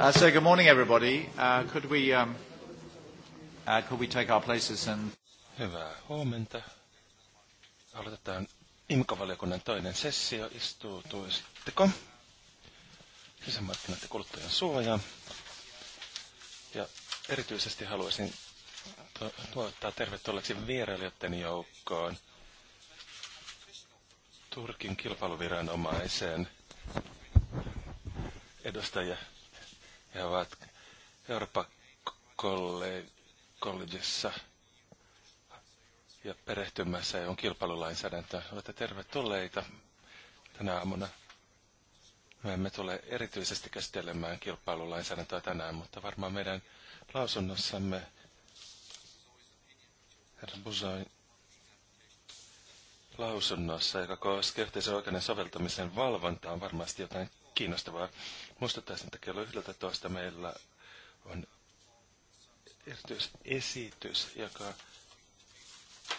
Uh, so good morning everybody. Uh, could we, um, uh, could we take our places and... Hyvää huomenta. Aloitetaan imco toinen sessio. Istuu Istuutuisitteko? Sisämarkkinat ja kuluttajan suoja. Ja erityisesti haluaisin tuottaa tervetulleeksi vierailijoiden joukkoon Turkin kilpailuviranomaisen edustaja he ovat Euroopan kollegissa ja perehtymässä on kilpailulainsäädäntö. Olette tervetulleita tänä aamuna. Me emme tule erityisesti käsittelemään kilpailulainsäädäntöä tänään, mutta varmaan meidän lausunnossamme herra Busoin lausunnossa, joka koskee yhteisen oikeuden soveltamisen valvontaa, on varmasti jotain kiinnostavaa. Muistuttaisin, että kello 11 meillä on erityisesitys, joka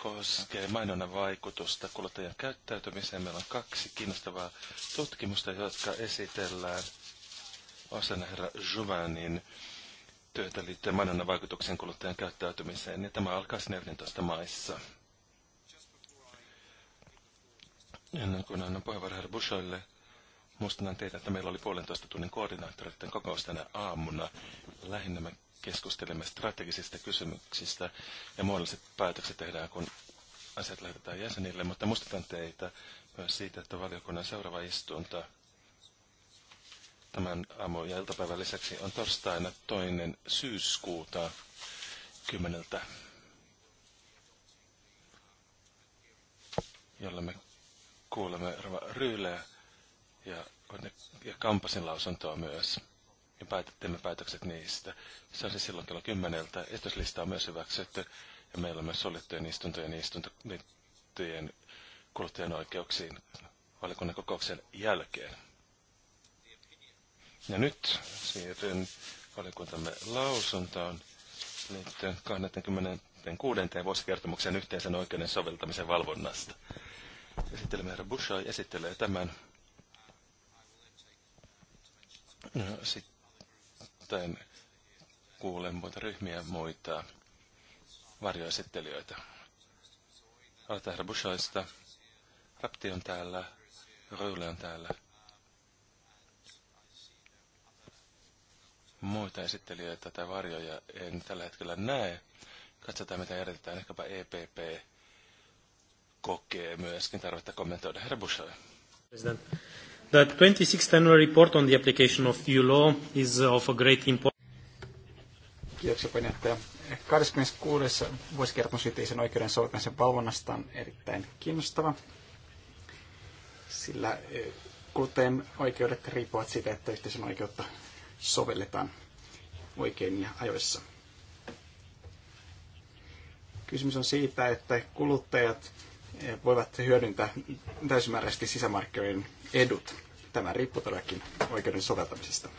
koskee mainonnan vaikutusta kuluttajan käyttäytymiseen. Meillä on kaksi kiinnostavaa tutkimusta, jotka esitellään osana herra Juvanin työtä liittyen mainonnan vaikutuksen kuluttajan käyttäytymiseen. Ja tämä alkaa 14 maissa. Ennen kuin annan puheenvuoron herra Bushoille, Muistutan teitä, että meillä oli puolentoista tunnin koordinaattoreiden kokous tänä aamuna. Lähinnä me keskustelemme strategisista kysymyksistä ja muodolliset päätökset tehdään, kun asiat lähetetään jäsenille, mutta muistutan teitä myös siitä, että valiokunnan seuraava istunto tämän aamu- ja iltapäivän lisäksi on torstaina toinen syyskuuta kymmeneltä, jolla me kuulemme Rova Ryyleä ja, ja Kampasin lausuntoa myös. Ja päätettiin päätökset niistä. Se on siis silloin kello kymmeneltä. Esityslista on myös hyväksytty. Ja meillä on myös solittujen istuntojen istuntojen kuluttajien oikeuksiin valikunnan kokouksen jälkeen. Ja nyt siirryn valikuntamme lausuntoon liittyen 26. vuosikertomuksen yhteisen oikeuden soveltamisen valvonnasta. Esittelemme herra Bushoi esittelee tämän No, sitten kuulen muita ryhmiä muita varjoesittelijöitä. Aloitetaan herra Bushoista. Rapti on täällä. Röyle on täällä. Muita esittelijöitä tai varjoja en tällä hetkellä näe. Katsotaan mitä järjestetään. Ehkäpä EPP kokee myöskin tarvetta kommentoida. Herra Bushoi. President. The 26th annual report on the application of EU law is of a great importance. Kiitoksia puheenjohtaja. 26. vuosikertomus yhteisen oikeuden soveltamisen valvonnasta on erittäin kiinnostava, sillä e, kuluttajien oikeudet riippuvat siitä, että yhteisen oikeutta sovelletaan oikein ja ajoissa. Kysymys on siitä, että kuluttajat voivat hyödyntää täysimääräisesti sisämarkkinoiden edut. Tämä riippuu todellakin oikeuden soveltamisesta.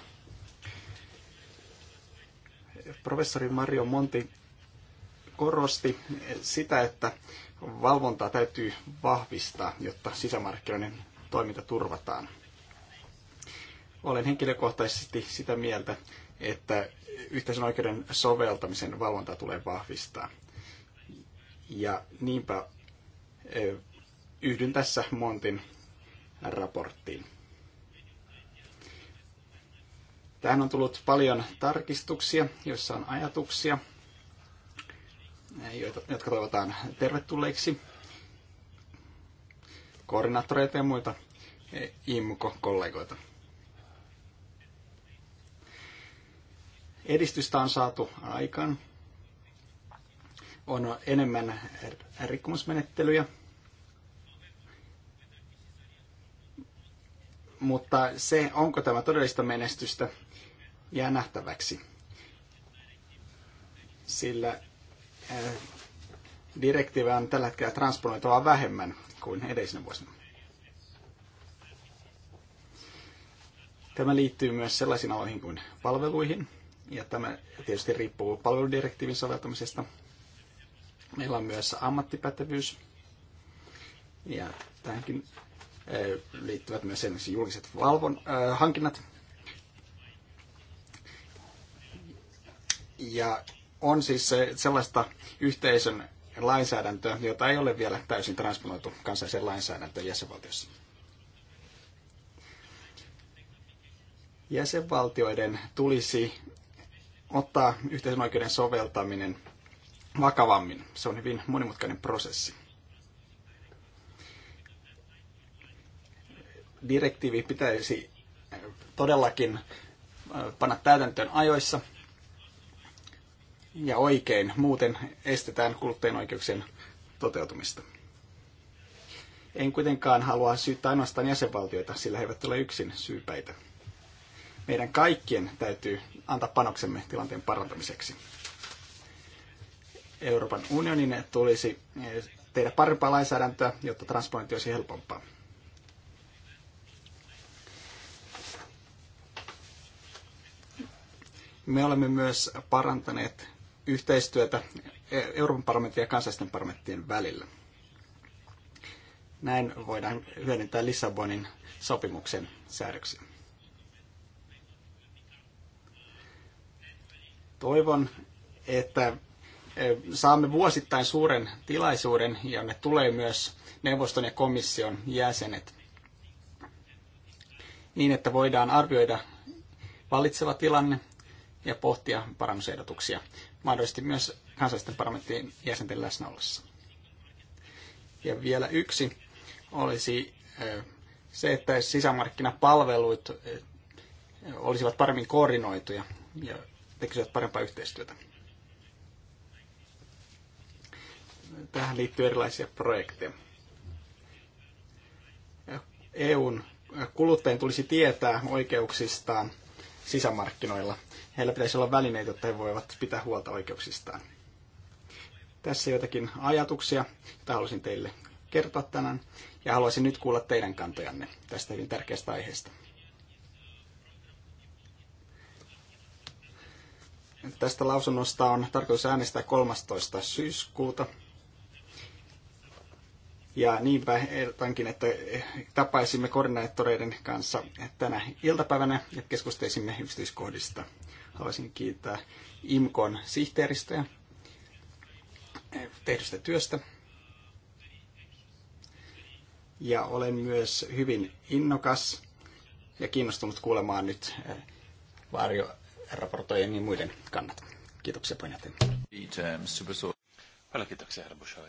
Professori Mario Monti korosti sitä, että valvontaa täytyy vahvistaa, jotta sisämarkkinoiden toiminta turvataan. Olen henkilökohtaisesti sitä mieltä, että yhteisen oikeuden soveltamisen valvontaa tulee vahvistaa. Ja niinpä Eh, yhdyn tässä Montin raporttiin. Tähän on tullut paljon tarkistuksia, joissa on ajatuksia, joita, jotka toivotaan tervetulleiksi koordinaattoreita ja muita eh, imuko kollegoita Edistystä on saatu aikaan. On enemmän rikkomusmenettelyjä mutta se, onko tämä todellista menestystä, jää nähtäväksi. Sillä eh, direktiivä on tällä hetkellä transponoitava vähemmän kuin edellisenä vuosina. Tämä liittyy myös sellaisiin aloihin kuin palveluihin, ja tämä tietysti riippuu palveludirektiivin soveltamisesta. Meillä on myös ammattipätevyys, ja tähänkin liittyvät myös esimerkiksi julkiset valvon, äh, hankinnat. Ja on siis sellaista yhteisön lainsäädäntöä, jota ei ole vielä täysin transponoitu kansalliseen lainsäädäntöön jäsenvaltiossa. Jäsenvaltioiden tulisi ottaa yhteisön oikeuden soveltaminen vakavammin. Se on hyvin monimutkainen prosessi. direktiivi pitäisi todellakin panna täytäntöön ajoissa ja oikein, muuten estetään kuluttajien oikeuksien toteutumista. En kuitenkaan halua syyttää ainoastaan jäsenvaltioita, sillä he eivät ole yksin syypäitä. Meidän kaikkien täytyy antaa panoksemme tilanteen parantamiseksi. Euroopan unionin tulisi eh, tehdä parempaa lainsäädäntöä, jotta transpointi olisi helpompaa. Me olemme myös parantaneet yhteistyötä e- Euroopan parlamentin ja kansallisten parlamenttien välillä. Näin voidaan hyödyntää Lissabonin sopimuksen säädöksiä. Toivon, että e, saamme vuosittain suuren tilaisuuden, jonne tulee myös neuvoston ja komission jäsenet, niin että voidaan arvioida valitseva tilanne – ja pohtia parannusehdotuksia, mahdollisesti myös kansallisten parlamenttien jäsenten läsnä ollessa. Ja vielä yksi olisi se, että sisämarkkinapalvelut olisivat paremmin koordinoituja ja tekisivät parempaa yhteistyötä. Tähän liittyy erilaisia projekteja. EUn kuluttajien tulisi tietää oikeuksistaan sisämarkkinoilla. Heillä pitäisi olla välineitä, jotta he voivat pitää huolta oikeuksistaan. Tässä jotakin ajatuksia, joita haluaisin teille kertoa tänään, ja haluaisin nyt kuulla teidän kantojanne tästä hyvin tärkeästä aiheesta. Tästä lausunnosta on tarkoitus äänestää 13. syyskuuta ja niinpä ehdotankin, että tapaisimme koordinaattoreiden kanssa tänä iltapäivänä ja keskustelisimme yksityiskohdista. Haluaisin kiittää IMKon sihteeristöä tehdystä työstä. Ja olen myös hyvin innokas ja kiinnostunut kuulemaan nyt eh, varjoraportojen ja muiden kannat. Kiitoksia puheenjohtaja. Paljon kiitoksia, herra Bushoi.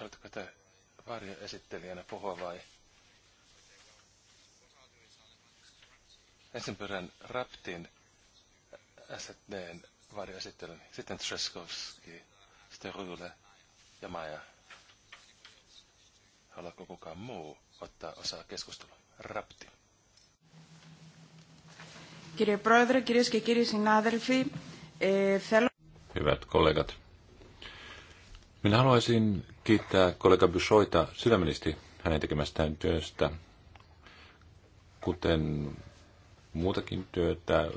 Haluatteko te varjoesittelijänä puhua vai? Ensin pyydän Raptin SDn esittelyn, sitten Treskovski, sitten Ryle ja Maja. Haluatko kukaan muu ottaa osaa keskusteluun? Rapti. Κύριε Πρόεδρε, κυρίες και κύριοι Hyvät kollegat, minä haluaisin kiittää kollega Byshoita sydämellisesti hänen tekemästään työstä, kuten muutakin työtä.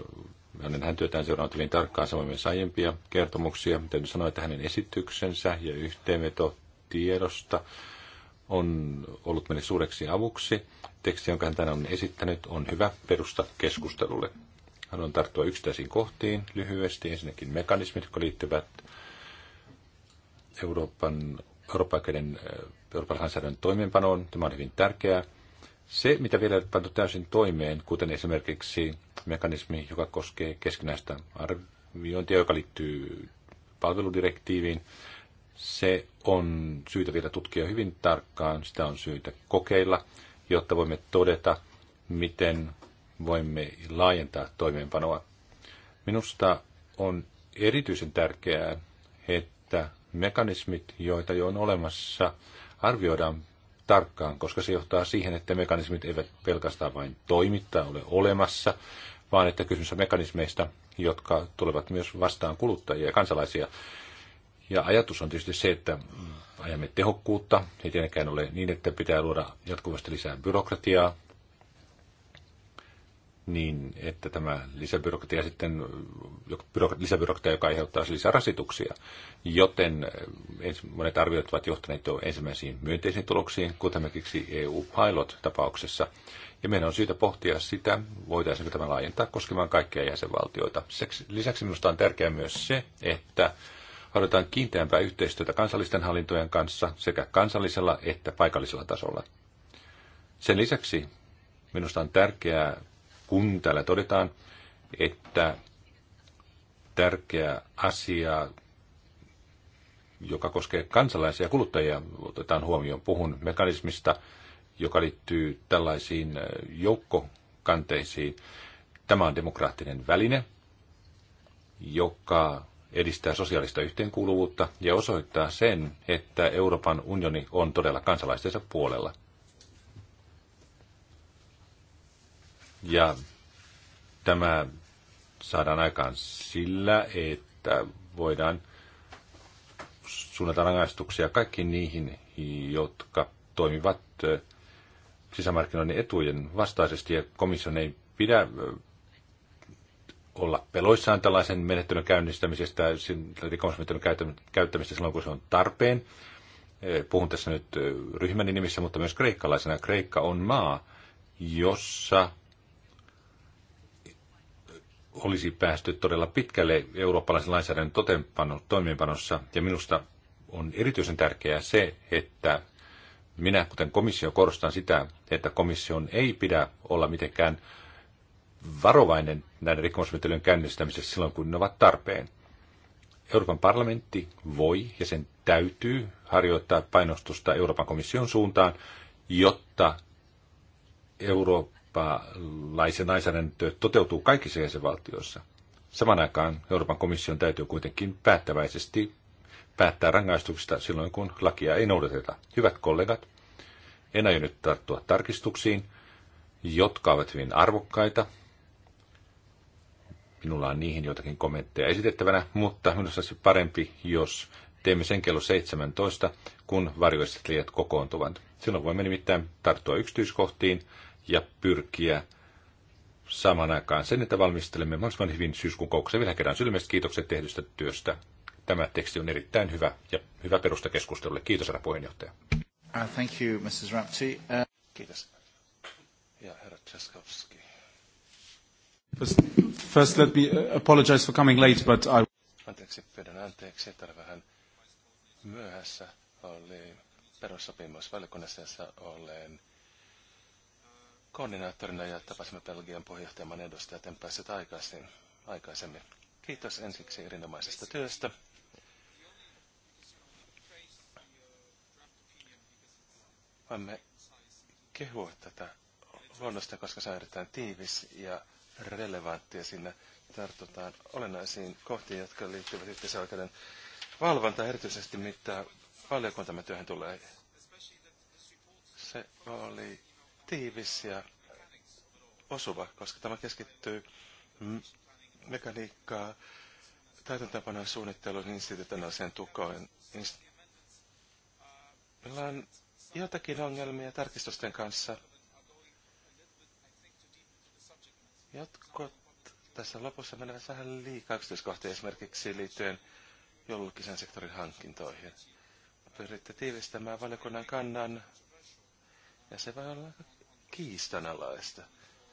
Hänen, hän työtään seurannut hyvin tarkkaan, samoin myös aiempia kertomuksia. Täytyy sanoa, että hänen esityksensä ja yhteenveto tiedosta on ollut meille suureksi avuksi. Teksti, jonka hän tänään on esittänyt, on hyvä perusta keskustelulle. Haluan tarttua yksittäisiin kohtiin lyhyesti. Ensinnäkin mekanismit, jotka liittyvät Euroopan Äh, Euroopan lainsäädännön toimeenpanoon. Tämä on hyvin tärkeää. Se, mitä vielä ei pantu täysin toimeen, kuten esimerkiksi mekanismi, joka koskee keskinäistä arviointia, joka liittyy palveludirektiiviin, se on syytä vielä tutkia hyvin tarkkaan. Sitä on syytä kokeilla, jotta voimme todeta, miten voimme laajentaa toimeenpanoa. Minusta on erityisen tärkeää, että mekanismit, joita jo on olemassa, arvioidaan tarkkaan, koska se johtaa siihen, että mekanismit eivät pelkästään vain toimittaa ole olemassa, vaan että kysymys on mekanismeista, jotka tulevat myös vastaan kuluttajia ja kansalaisia. Ja ajatus on tietysti se, että ajamme tehokkuutta. Ei tietenkään ole niin, että pitää luoda jatkuvasti lisää byrokratiaa, niin, että tämä lisäbyrokratia sitten, lisäbyrokratia, joka aiheuttaa siis rasituksia. Joten eh, monet arviot ovat johtaneet jo ensimmäisiin myönteisiin tuloksiin, kuten esimerkiksi EU-pilot-tapauksessa. Ja meidän on syytä pohtia sitä, voitaisiinko tämä laajentaa koskemaan kaikkia jäsenvaltioita. Lisäksi minusta on tärkeää myös se, että harjoitetaan kiinteämpää yhteistyötä kansallisten hallintojen kanssa sekä kansallisella että paikallisella tasolla. Sen lisäksi minusta on tärkeää kun täällä todetaan, että tärkeä asia, joka koskee kansalaisia ja kuluttajia, otetaan huomioon. Puhun mekanismista, joka liittyy tällaisiin äh, joukkokanteisiin. Tämä on demokraattinen väline, joka edistää sosiaalista yhteenkuuluvuutta ja osoittaa sen, että Euroopan unioni on todella kansalaistensa puolella. Ja tämä saadaan aikaan sillä, että voidaan suunnata rangaistuksia kaikkiin niihin, jotka toimivat sisämarkkinoiden etujen vastaisesti, ja komission ei pidä olla peloissaan tällaisen menettelyn käynnistämisestä, rikomusmenettelyn käyttämistä silloin, kun se on tarpeen. Puhun tässä nyt ryhmän nimissä, mutta myös kreikkalaisena. Kreikka on maa, jossa olisi päästy todella pitkälle eurooppalaisen lainsäädännön toimeenpanossa. Ja minusta on erityisen tärkeää se, että minä, kuten komissio, korostan sitä, että komission ei pidä olla mitenkään varovainen näiden rikkomusmenettelyjen käynnistämisessä silloin, kun ne ovat tarpeen. Euroopan parlamentti voi ja sen täytyy harjoittaa painostusta Euroopan komission suuntaan, jotta Euroopan eurooppalaisen lainsäädäntö toteutuu kaikissa jäsenvaltioissa. Saman aikaan Euroopan komission täytyy kuitenkin päättäväisesti päättää rangaistuksista silloin, kun lakia ei noudateta. Hyvät kollegat, en aio nyt tarttua tarkistuksiin, jotka ovat hyvin arvokkaita. Minulla on niihin jotakin kommentteja esitettävänä, mutta minusta olisi parempi, jos teemme sen kello 17, kun liiat kokoontuvat. Silloin voimme nimittäin tarttua yksityiskohtiin ja pyrkiä saman aikaan sen, että valmistelemme mahdollisimman hyvin syyskuun kokouksen. Vielä kerran sylmäiset kiitokset tehdystä työstä. Tämä teksti on erittäin hyvä ja hyvä perusta keskustelulle. Kiitos, herra puheenjohtaja. Uh, thank you, Mrs. Rapti. Uh... Kiitos. Ja herra Tchaskovski. First, first let me uh, apologize for coming late, but I... Anteeksi, pyydän anteeksi, että vähän myöhässä oli perussopimusvalikunnassa, jossa olen koordinaattorina ja tapasimme Belgian puheenjohtajaman edustajat, Tempäiset aikaisin. aikaisemmin. Kiitos ensiksi erinomaisesta työstä. Voimme kehua tätä luonnosta, koska se on erittäin tiivis ja relevantti ja siinä tartutaan olennaisiin kohtiin, jotka liittyvät oikeuden valvontaan, erityisesti mitä valiokuntamme työhön tulee. Se oli tiivis ja osuva, koska tämä keskittyy mekaniikkaa täytäntäpana suunnittelun institutionaaliseen tukoon. Meillä on jotakin ongelmia tarkistusten kanssa. Jotkut tässä lopussa menevät vähän liikaa yksityiskohtia esimerkiksi liittyen julkisen sektorin hankintoihin. Pyritte tiivistämään valiokunnan kannan, ja se voi olla aika kiistanalaista,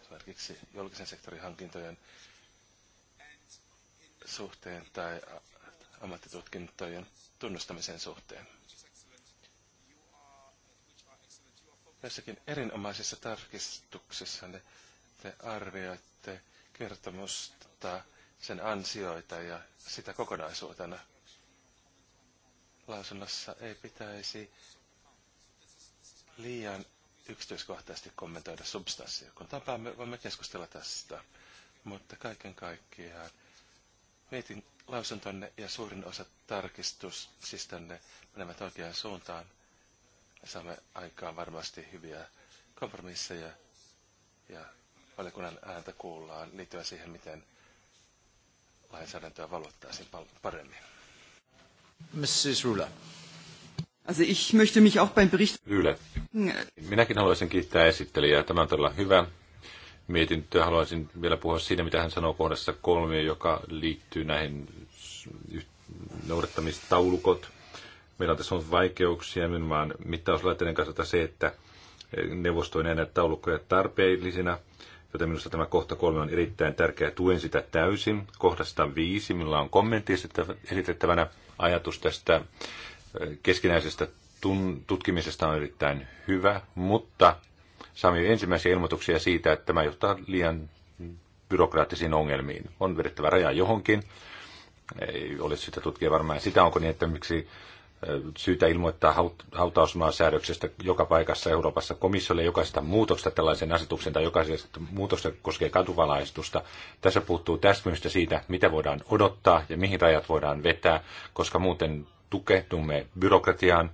esimerkiksi julkisen sektorin hankintojen suhteen tai ammattitutkintojen tunnustamisen suhteen. Jossakin erinomaisissa tarkistuksissa te arvioitte kertomusta, sen ansioita ja sitä kokonaisuutena. Lausunnossa ei pitäisi liian yksityiskohtaisesti kommentoida substanssia. Kun tapaamme, voimme keskustella tästä. Mutta kaiken kaikkiaan mietin lausuntonne ja suurin osa tänne menevät oikeaan suuntaan. Saamme aikaan varmasti hyviä kompromisseja ja valiokunnan ääntä kuullaan liittyen siihen, miten lainsäädäntöä valvottaisiin paremmin. Mrs. Rula. Also ich möchte mich auch beim Bericht... Kyllä. Minäkin haluaisin kiittää esittelijää. Tämä on todella hyvä mietintö. Haluaisin vielä puhua siinä, mitä hän sanoo kohdassa kolme, joka liittyy näihin noudattamistaulukot. Meillä on tässä on vaikeuksia nimenomaan mittauslaitteiden kanssa se, että neuvosto ei näe taulukkoja tarpeellisina, joten minusta tämä kohta kolme on erittäin tärkeä. Tuen sitä täysin. Kohdasta viisi, millä on kommentti esitettävänä ajatus tästä keskinäisestä tutkimisesta on erittäin hyvä, mutta saamme ensimmäisiä ilmoituksia siitä, että tämä johtaa liian byrokraattisiin ongelmiin. On vedettävä raja johonkin. Ei ole syytä tutkia varmaan sitä, onko niin, että miksi syytä ilmoittaa hautausmaan säädöksestä joka paikassa Euroopassa komissiolle jokaisesta muutoksesta tällaisen asetuksen tai jokaisesta muutoksesta koskee katuvalaistusta. Tässä puuttuu täsmystä siitä, mitä voidaan odottaa ja mihin rajat voidaan vetää, koska muuten tukehdumme byrokratiaan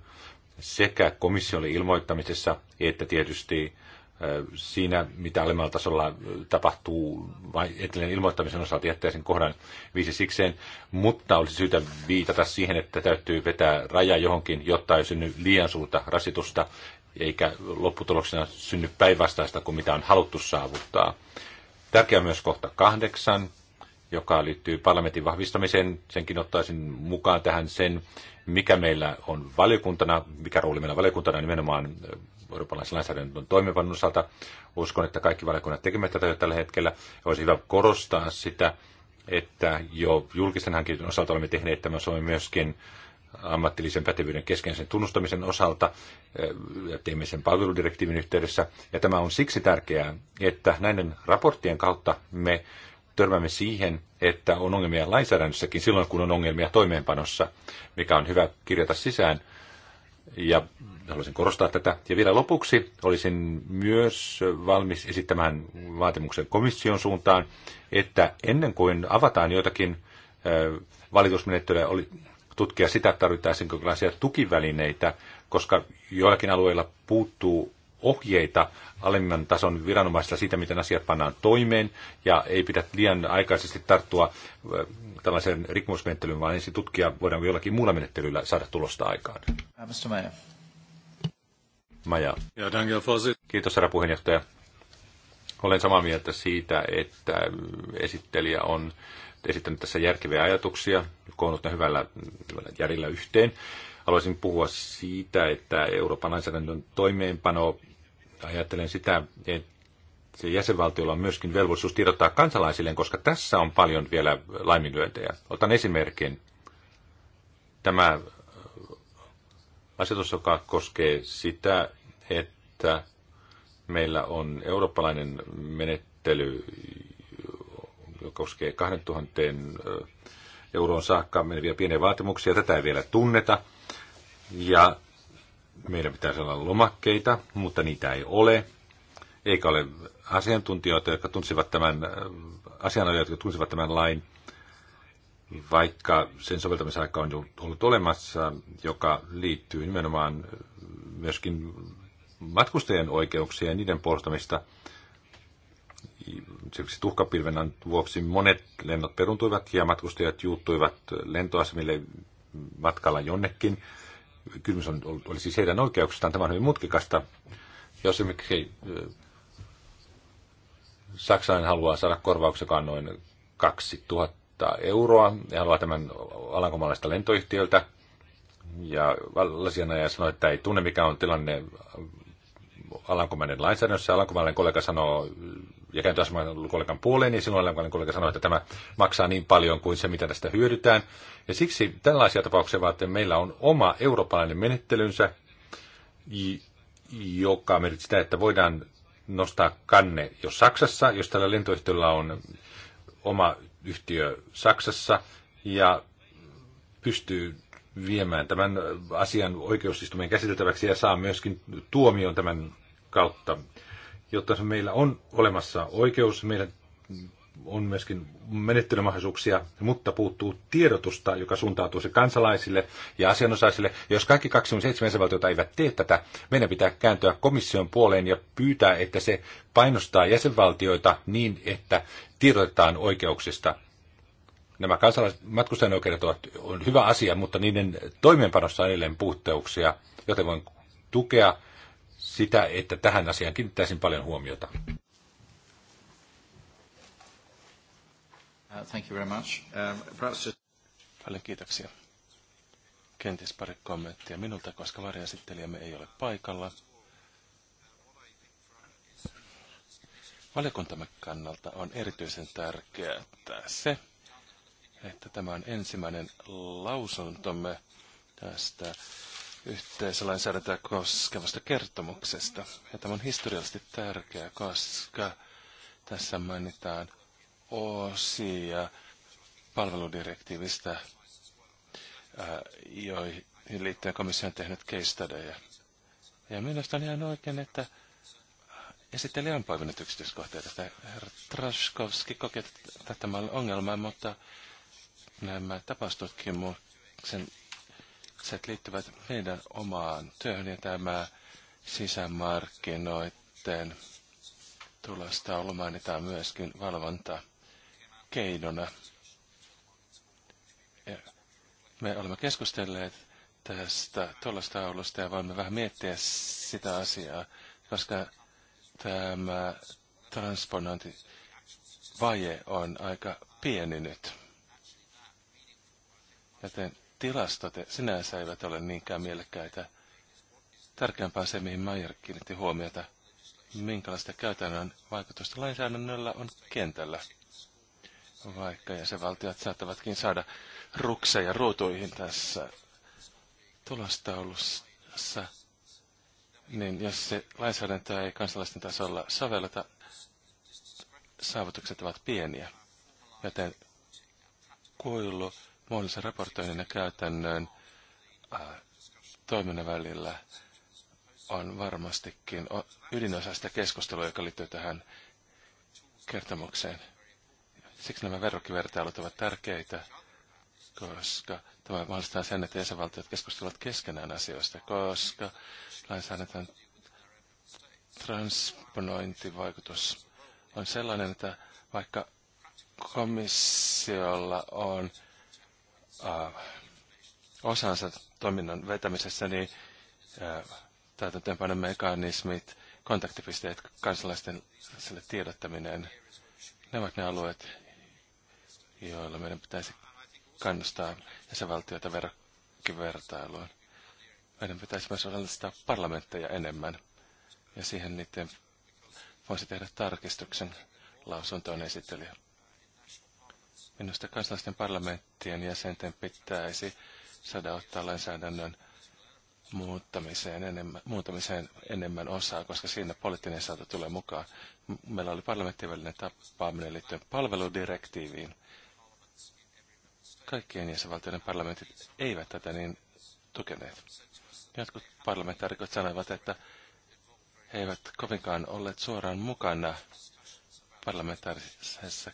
sekä komissiolle ilmoittamisessa että tietysti siinä, mitä alemmalla tasolla tapahtuu, vai etelän ilmoittamisen osalta jättäisin kohdan viisi sikseen, mutta olisi syytä viitata siihen, että täytyy vetää raja johonkin, jotta ei synny liian suurta rasitusta, eikä lopputuloksena synny päinvastaista kuin mitä on haluttu saavuttaa. Tärkeä myös kohta kahdeksan, joka liittyy parlamentin vahvistamiseen. Senkin ottaisin mukaan tähän sen, mikä meillä on valiokuntana, mikä rooli meillä on valiokuntana nimenomaan äh, eurooppalaisen lainsäädännön toimivan osalta. Uskon, että kaikki valiokunnat tekevät tätä jo tällä hetkellä. Olisi hyvä korostaa sitä, että jo julkisten hankintojen osalta olemme tehneet tämän Suomen myöskin ammattillisen pätevyyden keskeisen tunnustamisen osalta äh, ja teemme sen palveludirektiivin yhteydessä. Ja tämä on siksi tärkeää, että näiden raporttien kautta me törmäämme siihen, että on ongelmia lainsäädännössäkin silloin, kun on ongelmia toimeenpanossa, mikä on hyvä kirjata sisään. Ja haluaisin korostaa tätä. Ja vielä lopuksi olisin myös valmis esittämään vaatimuksen komission suuntaan, että ennen kuin avataan joitakin valitusmenettelyä, oli tutkia sitä, tarvittaisiin tällaisia tukivälineitä, koska joillakin alueilla puuttuu ohjeita alemman tason viranomaisilla siitä, miten asiat pannaan toimeen, ja ei pidä liian aikaisesti tarttua äh, tällaiseen rikkomusmenettelyyn, vaan ensin tutkia, voidaan jollakin muulla menettelyllä saada tulosta aikaan. Äh, Maja. Kiitos, herra puheenjohtaja. Olen samaa mieltä siitä, että esittelijä on esittänyt tässä järkeviä ajatuksia, koonnut ne hyvällä, hyvällä järjellä yhteen haluaisin puhua siitä, että Euroopan lainsäädännön toimeenpano ajattelen sitä, että jäsenvaltiolla on myöskin velvollisuus tiedottaa kansalaisilleen, koska tässä on paljon vielä laiminlyöntejä. Otan esimerkin. Tämä äh, asetus, joka koskee sitä, että meillä on eurooppalainen menettely, joka koskee 2000 äh, euroon saakka meneviä pieniä vaatimuksia. Tätä ei vielä tunneta. Ja meidän pitäisi olla lomakkeita, mutta niitä ei ole. Eikä ole asiantuntijoita, jotka tunsivat tämän, äh, asianajajat, jotka tunsivat tämän lain, vaikka sen soveltamisaika on jo ollut olemassa, joka liittyy nimenomaan äh, myöskin matkustajien oikeuksia ja niiden puolustamista. Siksi tuhkapilven vuoksi monet lennot peruntuivat ja matkustajat juuttuivat lentoasemille matkalla jonnekin kysymys on, oli siis heidän oikeuksistaan. Tämä on hyvin mutkikasta. Jos esimerkiksi Saksalainen haluaa saada korvauksen, joka on noin 2000 euroa, ja haluaa tämän alankomalaista lentoyhtiöltä, ja ja sanoi, että ei tunne mikä on tilanne alankomainen lainsäädännössä. Alankomainen kollega sanoo ja käyttöasemainen kollegan puoleen, niin silloin eläinkokeinen kollega sanoi, että tämä maksaa niin paljon kuin se, mitä tästä hyödytään. Ja siksi tällaisia tapauksia varten meillä on oma eurooppalainen menettelynsä, joka merkitsee sitä, että voidaan nostaa kanne jo Saksassa, jos tällä lentoyhtiöllä on oma yhtiö Saksassa ja pystyy viemään tämän asian oikeusistumien käsiteltäväksi ja saa myöskin tuomion tämän kautta jotta meillä on olemassa oikeus, meillä on myöskin menettelymahdollisuuksia, mutta puuttuu tiedotusta, joka se kansalaisille ja asianosaisille. Ja jos kaikki 27 jäsenvaltiota eivät tee tätä, meidän pitää kääntyä komission puoleen ja pyytää, että se painostaa jäsenvaltioita niin, että tiedotetaan oikeuksista. Nämä matkustajan oikeudet ovat on hyvä asia, mutta niiden toimeenpanossa on edelleen puutteuksia, joten voin tukea sitä, että tähän asiaan kiinnittäisin paljon huomiota. Uh, thank you very much. Um, just... Paljon kiitoksia. Kenties pari kommenttia minulta, koska varjaesittelijämme ei ole paikalla. Valiokuntamme kannalta on erityisen tärkeää se, että tämä on ensimmäinen lausuntomme tästä yhteisölainsäädäntöä koskevasta kertomuksesta. Ja tämä on historiallisesti tärkeä, koska tässä mainitaan osia palveludirektiivistä, joihin liittyen komissio on tehnyt case studyja. Ja minusta on ihan oikein, että esittelijä on poiminut yksityiskohtia tästä. Herra Trashkovski koki tätä ongelmaa, mutta nämä tapaustutkimuksen tarvitset liittyvät meidän omaan työhön ja tämä sisämarkkinoiden tulosta ollut mainitaan myöskin valvonta keinona. me olemme keskustelleet tästä tulostaulusta ja voimme vähän miettiä sitä asiaa, koska tämä transponointivaje on aika pieni nyt. Joten tilastot sinänsä eivät ole niinkään mielekkäitä. Tärkeämpää on se, mihin Mayer kiinnitti huomiota, minkälaista käytännön vaikutusta lainsäädännöllä on kentällä. Vaikka jäsenvaltiot saattavatkin saada rukseja ruutuihin tässä tulostaulussa, niin jos se lainsäädäntö ei kansalaisten tasolla sovelleta, saavutukset ovat pieniä, joten kuilu muodollisen raportoinnin ja käytännön toiminnan välillä on varmastikin ydinosa sitä keskustelua, joka liittyy tähän kertomukseen. Siksi nämä verrokkivertailut ovat tärkeitä, koska tämä mahdollistaa sen, että jäsenvaltiot keskustelevat keskenään asioista, koska lainsäädännön transponointivaikutus on sellainen, että vaikka komissiolla on osansa toiminnan vetämisessä, niin täytäntöönpanon mekanismit, kontaktipisteet, kansalaisten sille tiedottaminen, ne ovat ne alueet, joilla meidän pitäisi kannustaa jäsenvaltioita verrokkivertailuun. Meidän pitäisi myös osallistaa parlamentteja enemmän, ja siihen niiden voisi tehdä tarkistuksen lausuntoon esittelijä. Minusta kansalaisten parlamenttien jäsenten pitäisi saada ottaa lainsäädännön muuttamiseen enemmän, muuttamiseen enemmän osaa, koska siinä poliittinen saatu tulee mukaan. Meillä oli parlamenttien välinen tapaaminen liittyen palveludirektiiviin. Kaikkien jäsenvaltioiden parlamentit eivät tätä niin tukeneet. Jotkut parlamentaarikot sanoivat, että he eivät kovinkaan olleet suoraan mukana parlamentaarisessa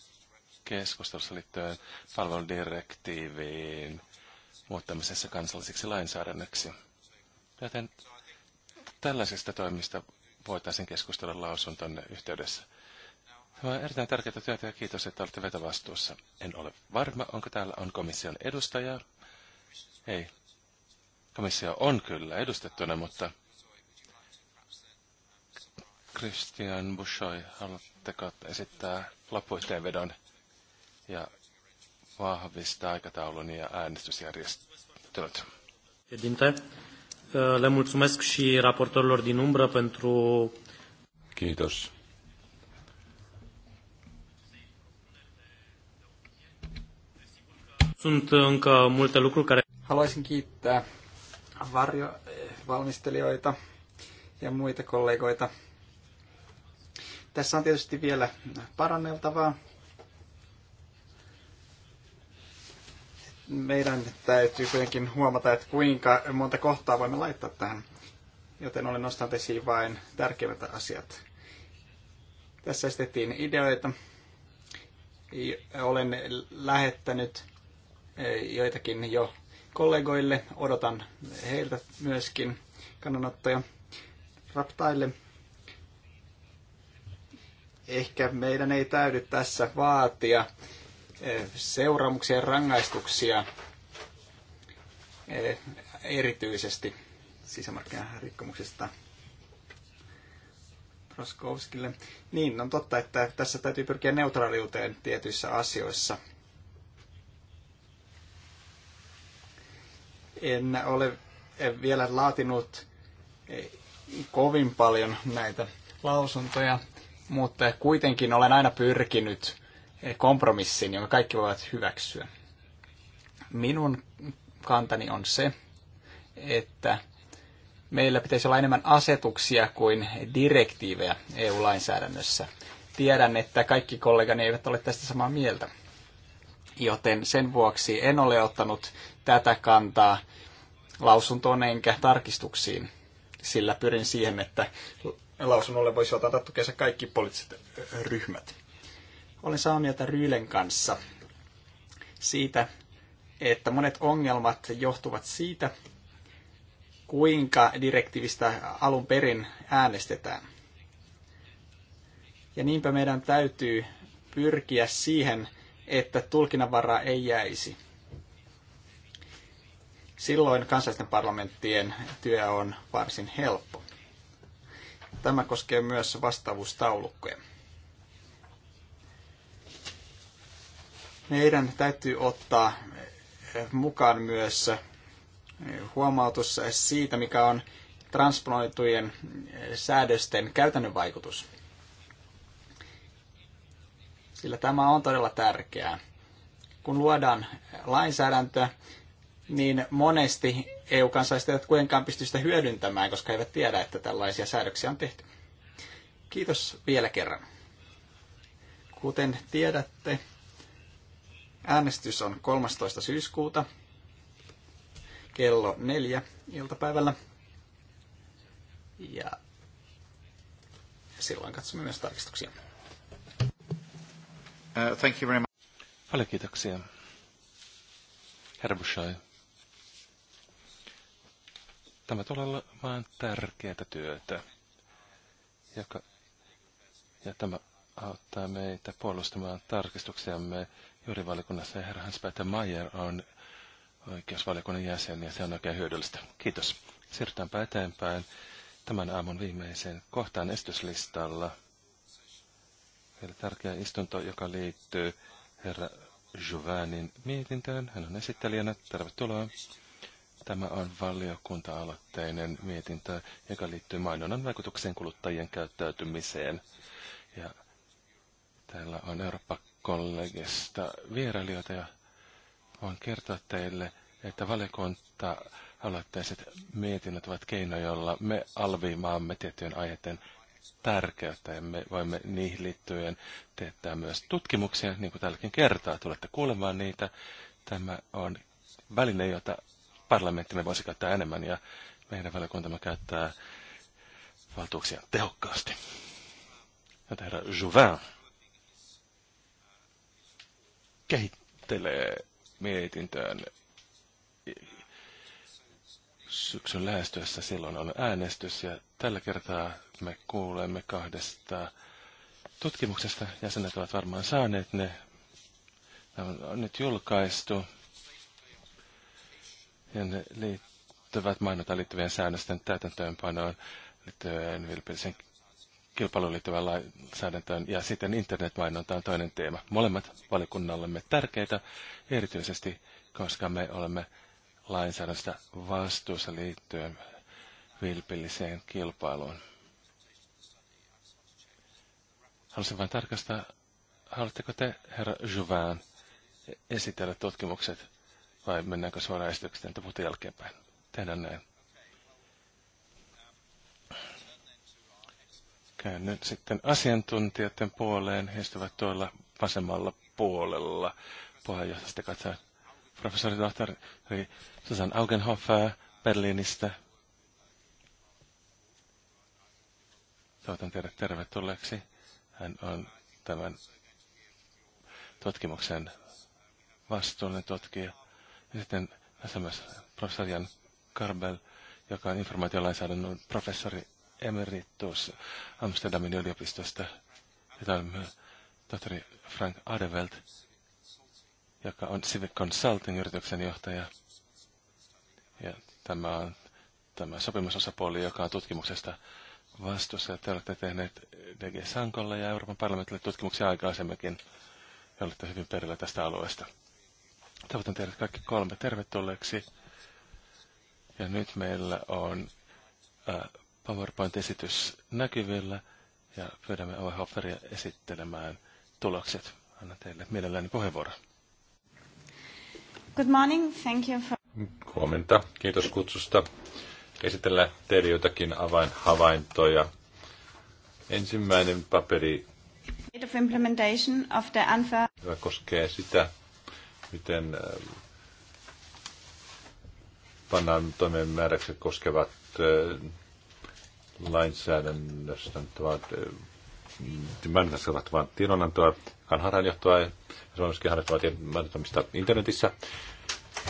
keskustelussa liittyen palveludirektiiviin muuttamisessa kansalliseksi lainsäädännöksi. Joten tällaisista toimista voitaisiin keskustella lausuntonne yhteydessä. Tämä on erittäin tärkeää työtä ja kiitos, että olette vetovastuussa. En ole varma, onko täällä on komission edustaja. Ei. Komissio on kyllä edustettuna, mutta Christian Bushoi, haluatteko esittää loppuyhteenvedon? ja vahvistaa aikataulun ja äänestysjärjestelyt. Uh, le mulțumesc și raportorilor din umbră pentru... Kiitos. Sunt încă multe lucruri care... Haluaisin kiittää varjovalmistelijoita ja muita kollegoita. Tässä on tietysti vielä paranneltavaa, meidän täytyy kuitenkin huomata, että kuinka monta kohtaa voimme laittaa tähän. Joten olen nostanut esiin vain tärkeimmät asiat. Tässä esitettiin ideoita. Olen lähettänyt eh, joitakin jo kollegoille. Odotan heiltä myöskin kannanottoja raptaille. Ehkä meidän ei täydy tässä vaatia seuraamuksia ja rangaistuksia eh, erityisesti sisämarkkinarikkomuksesta Roskovskille. Niin, on totta, että tässä täytyy pyrkiä neutraaliuteen tietyissä asioissa. En ole vielä laatinut eh, kovin paljon näitä lausuntoja, mutta kuitenkin olen aina pyrkinyt kompromissin, jonka kaikki voivat hyväksyä. Minun kantani on se, että meillä pitäisi olla enemmän asetuksia kuin direktiivejä EU-lainsäädännössä. Tiedän, että kaikki kollegani eivät ole tästä samaa mieltä, joten sen vuoksi en ole ottanut tätä kantaa lausuntoon enkä tarkistuksiin, sillä pyrin siihen, että lausunnolle voisi ottaa tukensa kaikki poliittiset ryhmät. Olen samaa mieltä Ryylen kanssa siitä, että monet ongelmat johtuvat siitä, kuinka direktiivistä alun perin äänestetään. Ja niinpä meidän täytyy pyrkiä siihen, että tulkinnanvaraa ei jäisi. Silloin kansallisten parlamenttien työ on varsin helppo. Tämä koskee myös vastaavuustaulukkoja. Meidän täytyy ottaa mukaan myös huomautus siitä, mikä on transponoitujen säädösten käytännön vaikutus. Sillä tämä on todella tärkeää. Kun luodaan lainsäädäntö, niin monesti EU-kansalaiset eivät kuitenkaan pysty sitä hyödyntämään, koska he eivät tiedä, että tällaisia säädöksiä on tehty. Kiitos vielä kerran. Kuten tiedätte, Äänestys on 13. syyskuuta kello neljä iltapäivällä. Ja silloin katsomme myös tarkistuksia. Uh, thank you very much. Paljon kiitoksia. Herra Bushai. Tämä tulee olemaan tärkeää työtä, joka, ja tämä auttaa meitä puolustamaan tarkistuksiamme juurivaliokunnassa ja herra Hans-Peter Mayer on oikeusvaliokunnan jäsen ja se on oikein hyödyllistä. Kiitos. Siirrytäänpä eteenpäin tämän aamun viimeiseen kohtaan estyslistalla. Vielä tärkeä istunto, joka liittyy herra Juvanin mietintöön. Hän on esittelijänä. Tervetuloa. Tämä on valiokunta-aloitteinen mietintö, joka liittyy mainonnan vaikutukseen kuluttajien käyttäytymiseen. Ja täällä on Eurooppa kollegista vierailijoita ja voin kertoa teille, että valiokunta aloitteiset mietinnöt ovat keino, jolla me alviimaamme tiettyjen aiheiden tärkeyttä ja me voimme niihin liittyen teettää myös tutkimuksia, niin kuin tälläkin kertaa tulette kuulemaan niitä. Tämä on väline, jota parlamenttimme voisi käyttää enemmän ja meidän valiokuntamme käyttää valtuuksia tehokkaasti. herra Jouvin, kehittelee mietintöön syksyn lähestyessä. Silloin on äänestys ja tällä kertaa me kuulemme kahdesta tutkimuksesta. Jäsenet ovat varmaan saaneet ne. Nämä on nyt julkaistu. Ja ne liittyvät mainotaan liittyvien säännösten täytäntöönpanoon liittyen vilpillisen kilpailuun liittyvään lainsäädäntöön ja sitten internetmainonta on toinen teema. Molemmat valikunnallemme tärkeitä, erityisesti koska me olemme lainsäädännöstä vastuussa liittyen vilpilliseen kilpailuun. Haluaisin vain tarkastaa, haluatteko te, herra Juvin, esitellä tutkimukset vai mennäänkö suoraan esitykseen, te puhutte jälkeenpäin. Tehdään näin. Käännyn sitten asiantuntijoiden puoleen. He istuvat tuolla vasemmalla puolella. Puheenjohtajasta katsoa. professori tohtori Susan Augenhofer Berliinistä. Toivotan teidät tervetulleeksi. Hän on tämän tutkimuksen vastuullinen tutkija. Ja sitten myös professori Jan Karbel, joka on informaatiolainsäädännön professori emeritus Amsterdamin yliopistosta, jota on tohtori Frank Adevelt, joka on Civic Consulting-yrityksen johtaja. Ja tämä on tämä sopimusosapuoli, joka on tutkimuksesta vastuussa. Te olette tehneet DG Sankolle ja Euroopan parlamentille tutkimuksia aikaisemminkin ja olette hyvin perillä tästä alueesta. Toivotan teidät kaikki kolme tervetulleeksi. Ja nyt meillä on äh, PowerPoint-esitys näkyvillä ja pyydämme Owe Hofferia esittelemään tulokset. Anna teille mielelläni puheenvuoro. Good morning, thank you for... Huomenta, kiitos kutsusta. Esitellään teille jotakin avainhavaintoja. Ensimmäinen paperi of implementation of the koskee sitä, miten äh, pannaan toimeen määräykset koskevat äh, lainsäädännöstä antavat niin tiedonantoa, kanharan johtoa ja se on myöskin harjoittavaa tiedonantamista internetissä.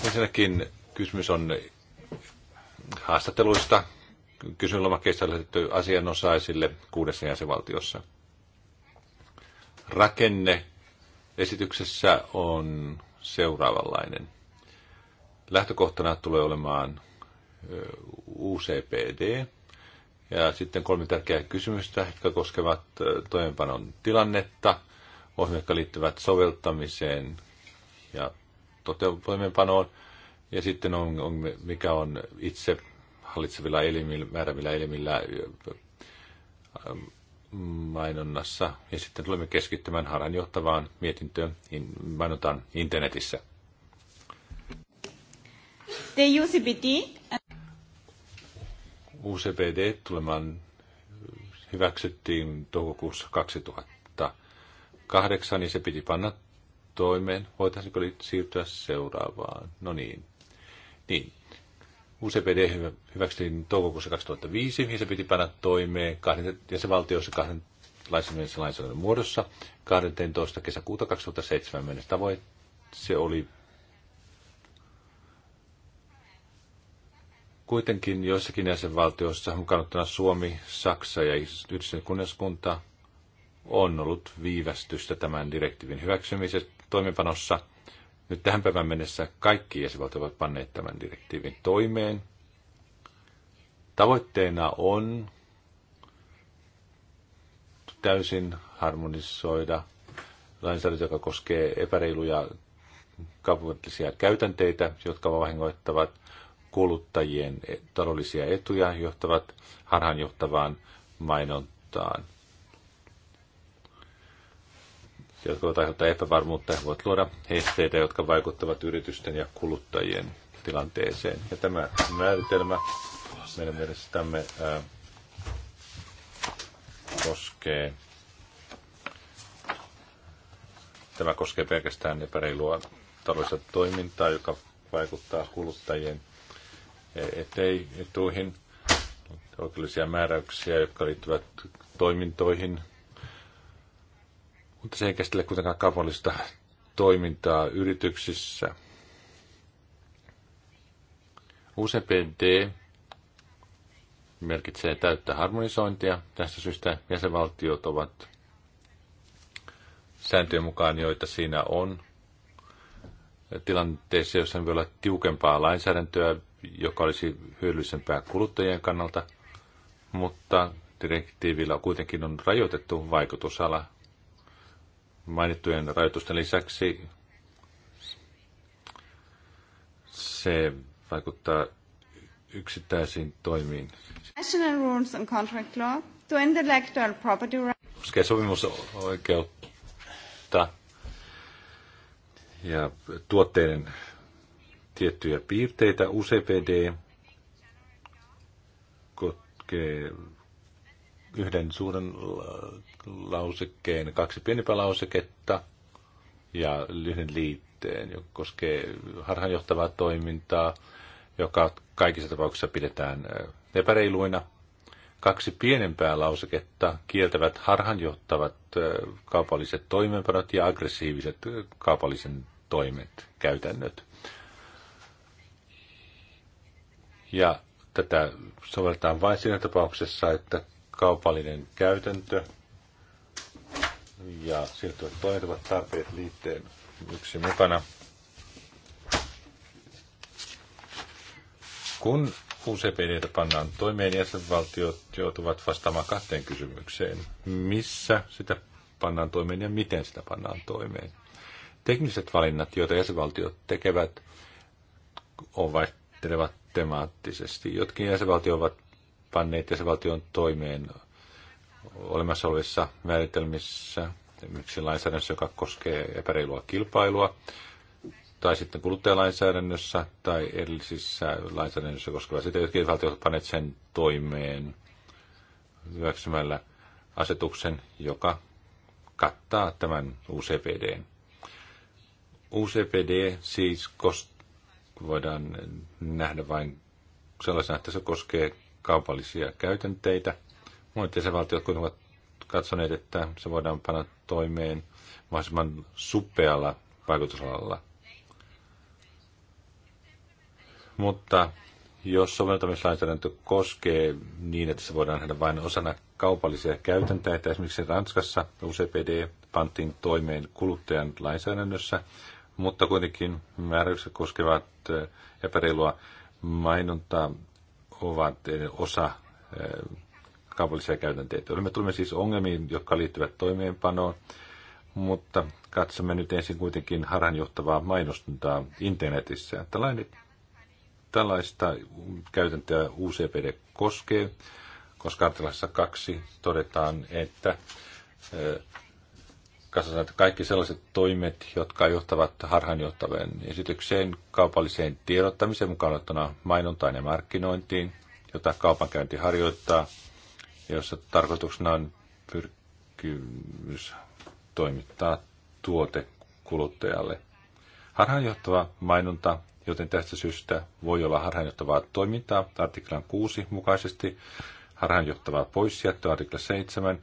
Ensinnäkin kysymys on haastatteluista, kyselylomakkeista lähetetty asianosaisille kuudessa jäsenvaltiossa. Rakenne esityksessä on seuraavanlainen. Lähtökohtana tulee olemaan UCPD, ja sitten kolme tärkeää kysymystä, jotka koskevat toimenpanon tilannetta, ohjelmia, jotka liittyvät soveltamiseen ja toimeenpanoon. Ja sitten on, on, mikä on itse hallitsevilla elimillä, määrävillä elimillä mainonnassa. Ja sitten tulemme keskittymään harhaanjohtavaan mietintöön mainotaan internetissä. The UCBT. UCPD tulemaan hyväksyttiin toukokuussa 2008, niin se piti panna toimeen. Voitaisiinko siirtyä seuraavaan? No niin. Niin. UCPD hyväksyttiin toukokuussa 2005 niin se piti panna toimeen kahden, jäsenvaltioissa kahden lainsäädännön muodossa 12. kesäkuuta 2007 mennessä. Tavoite se oli kuitenkin joissakin jäsenvaltioissa, mukaan Suomi, Saksa ja Yhdistynyt kuningaskunta, on ollut viivästystä tämän direktiivin hyväksymisen toimenpanossa. Nyt tähän päivän mennessä kaikki jäsenvaltiot ovat panneet tämän direktiivin toimeen. Tavoitteena on täysin harmonisoida lainsäädäntö, joka koskee epäreiluja kaupallisia käytänteitä, jotka vahingoittavat kuluttajien e- taloudellisia etuja johtavat harhaanjohtavaan mainontaan, jotka voivat aiheuttaa epävarmuutta ja voivat luoda esteitä, jotka vaikuttavat yritysten ja kuluttajien tilanteeseen. Ja tämä määritelmä meidän mielestämme koskee Tämä koskee pelkästään epäreilua taloudellista toimintaa, joka vaikuttaa kuluttajien ettei etuihin, oikeudellisia määräyksiä, jotka liittyvät toimintoihin, mutta se ei käsittele kuitenkaan kaupallista toimintaa yrityksissä. D merkitsee täyttä harmonisointia. Tästä syystä jäsenvaltiot ovat sääntöjen mukaan, joita siinä on, tilanteessa, jossa voi olla tiukempaa lainsäädäntöä joka olisi hyödyllisempää kuluttajien kannalta, mutta direktiivillä kuitenkin on rajoitettu vaikutusala. Mainittujen rajoitusten lisäksi se vaikuttaa yksittäisiin toimiin. National rules and contract law to intellectual property rights. Koskee sopimusoikeutta ja tuotteiden tiettyjä piirteitä. UCPD koskee yhden suuren lausekkeen, kaksi pienempää lauseketta ja lyhyen liitteen, joka koskee harhaanjohtavaa toimintaa, joka kaikissa tapauksissa pidetään epäreiluina. Kaksi pienempää lauseketta kieltävät harhaanjohtavat kaupalliset toimenpanot ja aggressiiviset kaupallisen toimet, käytännöt. Ja tätä sovelletaan vain siinä tapauksessa, että kaupallinen käytäntö ja siirtyvät toimet ovat tarpeet liitteen yksi mukana. Kun UCPDtä pannaan toimeen, jäsenvaltiot joutuvat vastaamaan kahteen kysymykseen. Missä sitä pannaan toimeen ja miten sitä pannaan toimeen? Tekniset valinnat, joita jäsenvaltiot tekevät, ovat temaattisesti. Jotkin jäsenvaltiot ovat panneet jäsenvaltion toimeen olemassa olevissa määritelmissä, esimerkiksi lainsäädännössä, joka koskee epäreilua kilpailua, tai sitten kuluttajalainsäädännössä tai erillisissä lainsäädännössä koskeva sitä, jotka valtiot panneet sen toimeen hyväksymällä asetuksen, joka kattaa tämän UCPDn. UCPD siis koskee voidaan nähdä vain sellaisena, että se koskee kaupallisia käytänteitä. Monet jäsenvaltiot kuitenkin ovat katsoneet, että se voidaan panna toimeen mahdollisimman suppealla vaikutusalalla. Mutta jos soveltamislainsäädäntö koskee niin, että se voidaan nähdä vain osana kaupallisia käytäntöjä, esimerkiksi Ranskassa UCPD pantiin toimeen kuluttajan lainsäädännössä, mutta kuitenkin määräykset koskevat eh, epäreilua mainontaa ovat eh, osa eh, kaupallisia käytänteitä. Me tulemme siis ongelmiin, jotka liittyvät toimeenpanoon, mutta katsomme nyt ensin kuitenkin harhanjohtavaa mainostuntaa internetissä. Tällainen, tällaista käytäntöä UCPD koskee, koska artilassa kaksi todetaan, että katsota, että kaikki sellaiset toimet, jotka johtavat harhaanjohtavien esitykseen, kaupalliseen tiedottamiseen mukaan ottana mainontaan ja markkinointiin, jota kaupankäynti harjoittaa, jossa tarkoituksena on pyrkimys toimittaa tuote kuluttajalle. Harhaanjohtava mainonta, joten tästä syystä voi olla harhaanjohtavaa toimintaa artiklan 6 mukaisesti, harhaanjohtavaa poissijättöä artikla 7,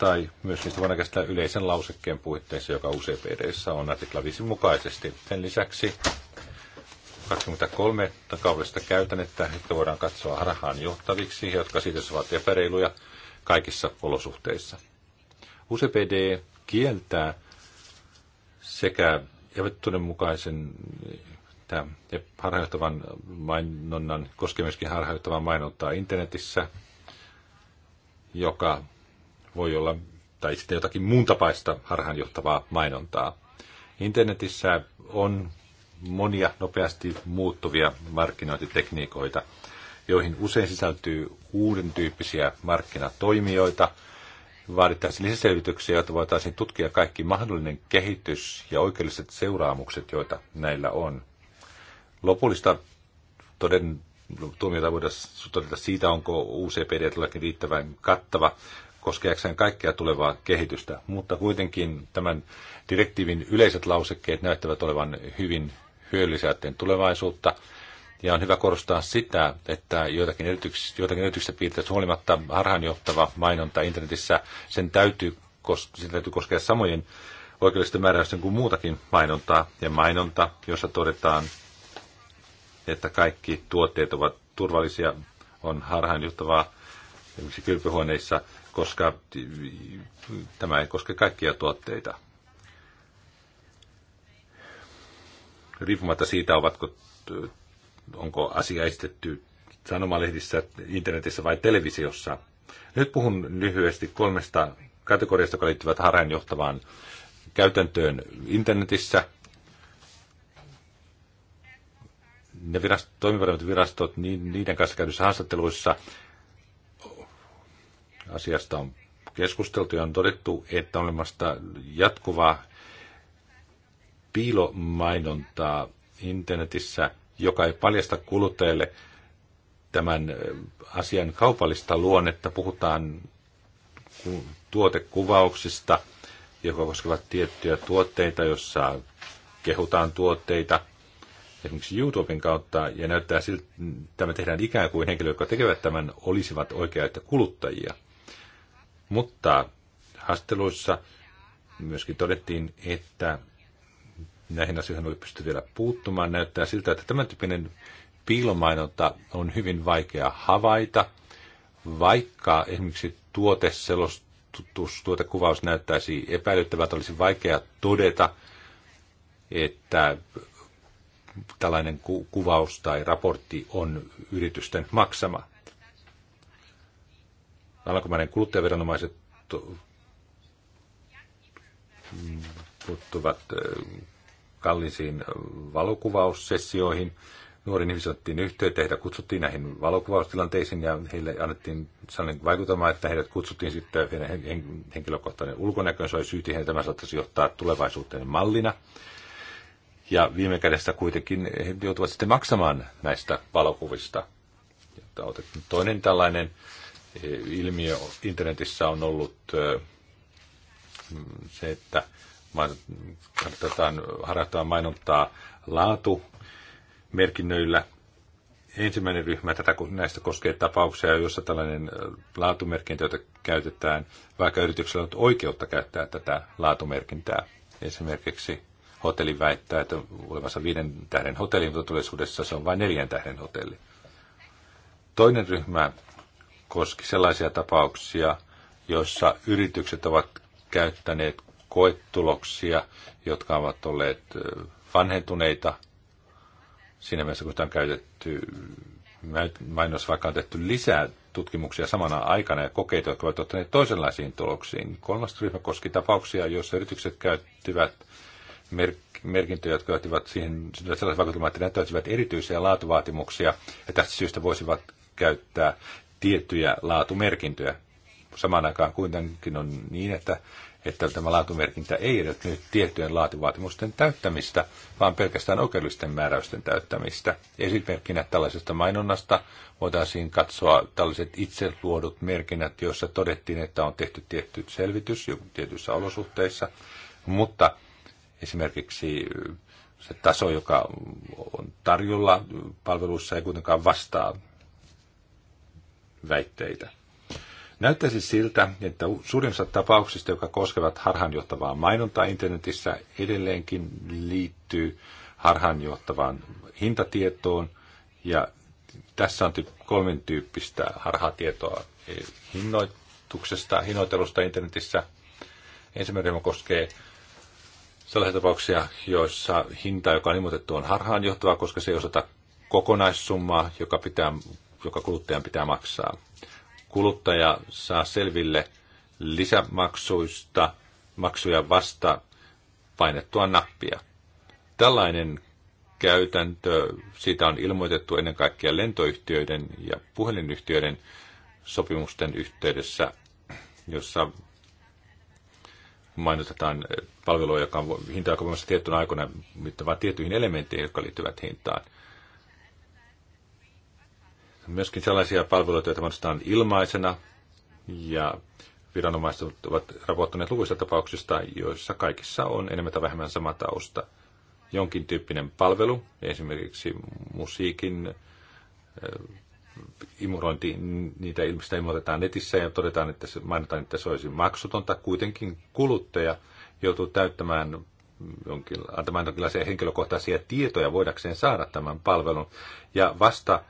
tai myös niistä voidaan käsitellä yleisen lausekkeen puitteissa, joka UCPDssä on artikla 5 mukaisesti. Sen lisäksi 23 takaudellista käytännettä, että voidaan katsoa harhaan johtaviksi, jotka siitä ovat epäreiluja kaikissa olosuhteissa. UCPD kieltää sekä epätunnen mukaisen harhaanjohtavan mainonnan, koskee myöskin harhaanjohtavaa mainontaa internetissä, joka voi olla, tai sitten jotakin muun tapaista harhaanjohtavaa mainontaa. Internetissä on monia nopeasti muuttuvia markkinointitekniikoita, joihin usein sisältyy uuden tyyppisiä markkinatoimijoita. Vaadittaisiin lisäselvityksiä, jotta voitaisiin tutkia kaikki mahdollinen kehitys ja oikeudelliset seuraamukset, joita näillä on. Lopullista toden, tuomiota voidaan todeta siitä, onko UCPD todellakin riittävän kattava koskeakseen kaikkea tulevaa kehitystä, mutta kuitenkin tämän direktiivin yleiset lausekkeet näyttävät olevan hyvin hyödyllisiä tulevaisuutta. Ja on hyvä korostaa sitä, että joitakin edellytyksistä, joitakin edellytyksistä piirteistä huolimatta harhaanjohtava mainonta internetissä, sen täytyy, sen täytyy koskea samojen oikeudellisten määräysten kuin muutakin mainontaa. Ja mainonta, jossa todetaan, että kaikki tuotteet ovat turvallisia, on harhaanjohtavaa esimerkiksi kylpyhuoneissa koska tämä ei koske kaikkia tuotteita. Riippumatta siitä, ovatko, onko asia esitetty sanomalehdissä, internetissä vai televisiossa. Nyt puhun lyhyesti kolmesta kategoriasta, jotka liittyvät harhaanjohtavaan käytäntöön internetissä. Ne virastot, toimivat virastot, niiden kanssa käydyissä haastatteluissa asiasta on keskusteltu ja on todettu, että on olemassa jatkuvaa piilomainontaa internetissä, joka ei paljasta kuluttajille tämän asian kaupallista luonnetta. Puhutaan tuotekuvauksista, joka koskevat tiettyjä tuotteita, jossa kehutaan tuotteita esimerkiksi YouTuben kautta, ja näyttää siltä, että tämä tehdään ikään kuin henkilö, jotka tekevät tämän, olisivat oikeita kuluttajia. Mutta haasteluissa myöskin todettiin, että näihin asioihin oli pysty vielä puuttumaan. Näyttää siltä, että tämän tyyppinen piilomainonta on hyvin vaikea havaita, vaikka esimerkiksi tuoteselostus, tuotekuvaus näyttäisi epäilyttävältä, olisi vaikea todeta, että tällainen ku- kuvaus tai raportti on yritysten maksama. Alankomaiden kuluttajaviranomaiset puuttuvat kallisiin valokuvaussessioihin. Nuoriin ihmisiin otettiin yhteyttä, heitä kutsuttiin näihin valokuvaustilanteisiin ja heille annettiin sellainen vaikutelma, että heidät kutsuttiin sitten heidän henkilökohtainen ulkonäkönsä oli syyti, heidän tämä saattaisi johtaa tulevaisuuteen mallina. Ja viime kädessä kuitenkin he joutuvat sitten maksamaan näistä valokuvista. Toinen tällainen ilmiö internetissä on ollut se, että harjoittaa mainontaa laatu merkinnöillä. Ensimmäinen ryhmä tätä, näistä koskee tapauksia, joissa tällainen laatumerkintä, jota käytetään, vaikka yrityksellä on oikeutta käyttää tätä laatumerkintää. Esimerkiksi hotelli väittää, että olevansa viiden tähden hotelli, mutta todellisuudessa se on vain neljän tähden hotelli. Toinen ryhmä koski sellaisia tapauksia, joissa yritykset ovat käyttäneet koetuloksia, jotka ovat olleet vanhentuneita siinä mielessä, kun sitä on käytetty mainos, vaikka on tehty lisää tutkimuksia samana aikana ja kokeita, jotka ovat ottaneet toisenlaisiin tuloksiin. Kolmas ryhmä koski tapauksia, joissa yritykset käyttivät merkintöjä, jotka johtivat siihen sellaisen vaikutelman, että ne täyttivät erityisiä laatuvaatimuksia ja tästä syystä voisivat käyttää tiettyjä laatumerkintöjä. Samaan aikaan kuitenkin on niin, että, että tämä laatumerkintä ei edes tiettyjen laativaatimusten täyttämistä, vaan pelkästään oikeudellisten määräysten täyttämistä. Esimerkkinä tällaisesta mainonnasta voitaisiin katsoa tällaiset itse luodut merkinnät, joissa todettiin, että on tehty tietty selvitys tietyissä olosuhteissa, mutta esimerkiksi se taso, joka on tarjolla palveluissa, ei kuitenkaan vastaa väitteitä. Näyttäisi siltä, että suurin osa tapauksista, jotka koskevat harhaanjohtavaa mainontaa internetissä, edelleenkin liittyy harhaanjohtavaan hintatietoon. Ja tässä on kolmen tyyppistä harhatietoa e, hinnoituksesta, hinnoitelusta internetissä. Ensimmäinen koskee sellaisia tapauksia, joissa hinta, joka on ilmoitettu, on harhaanjohtava, koska se ei osata kokonaissummaa, joka pitää joka kuluttajan pitää maksaa. Kuluttaja saa selville lisämaksuista maksuja vasta painettua nappia. Tällainen käytäntö, siitä on ilmoitettu ennen kaikkea lentoyhtiöiden ja puhelinyhtiöiden sopimusten yhteydessä, jossa mainotetaan palvelua, joka on hinta, joka on tiettynä aikoina, mutta vain tiettyihin elementteihin, jotka liittyvät hintaan myöskin sellaisia palveluita, joita mainostetaan ilmaisena, ja viranomaiset ovat raportoineet lukuisista tapauksista, joissa kaikissa on enemmän tai vähemmän sama tausta. Jonkin tyyppinen palvelu, esimerkiksi musiikin eh, imurointi, niitä ilmeisesti ilmoitetaan netissä ja todetaan, että se, mainitaan, että se olisi maksutonta. Kuitenkin kuluttaja joutuu täyttämään jonkin, antamaan jonkinlaisia henkilökohtaisia tietoja voidakseen saada tämän palvelun. Ja vasta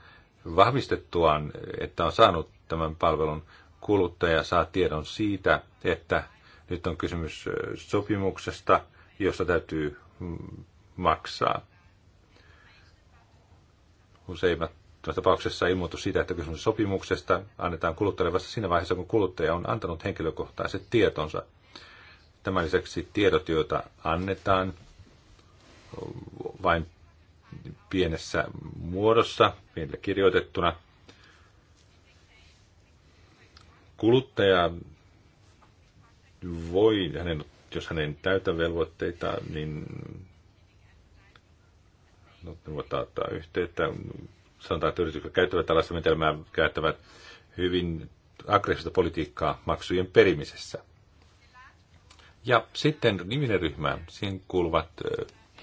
vahvistettuaan, että on saanut tämän palvelun, kuluttaja saa tiedon siitä, että nyt on kysymys sopimuksesta, josta täytyy mm, maksaa. Useimmat tapauksessa ilmoitus siitä, että kysymys sopimuksesta annetaan kuluttajalle vasta siinä vaiheessa, kun kuluttaja on antanut henkilökohtaiset tietonsa. Tämän lisäksi tiedot, joita annetaan, vain pienessä muodossa, pienellä kirjoitettuna. Kuluttaja voi, hänen, jos hänen täytä velvoitteita, niin no, ne ottaa yhteyttä. Sanotaan, että yritykset käyttävät tällaista menetelmää, käyttävät hyvin aggressiivista politiikkaa maksujen perimisessä. Ja sitten niminen ryhmä, siihen kuuluvat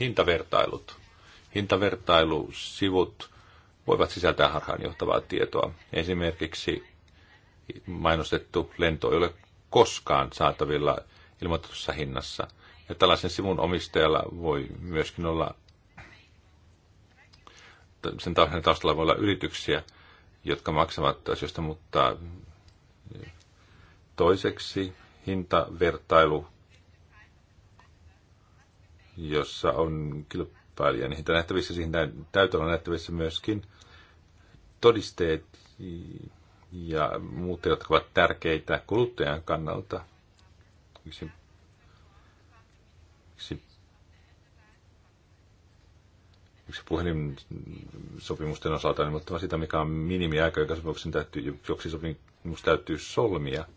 hintavertailut. Hintavertailusivut voivat sisältää harhaanjohtavaa tietoa. Esimerkiksi mainostettu lento ei ole koskaan saatavilla ilmoitetussa hinnassa. Ja tällaisen sivun omistajalla voi myöskin olla, sen taustalla voi olla yrityksiä, jotka maksavat asioista, mutta toiseksi hintavertailu, jossa on kilpailu ja niitä nähtävissä, siihen täytyy olla nähtävissä myöskin todisteet ja muut, jotka ovat tärkeitä kuluttajan kannalta. Yksi, yksi, yksi sopimusten osalta, niin mutta sitä, mikä on minimiaika, joka sopimuksen täytyy, joksi sopimus täytyy solmia –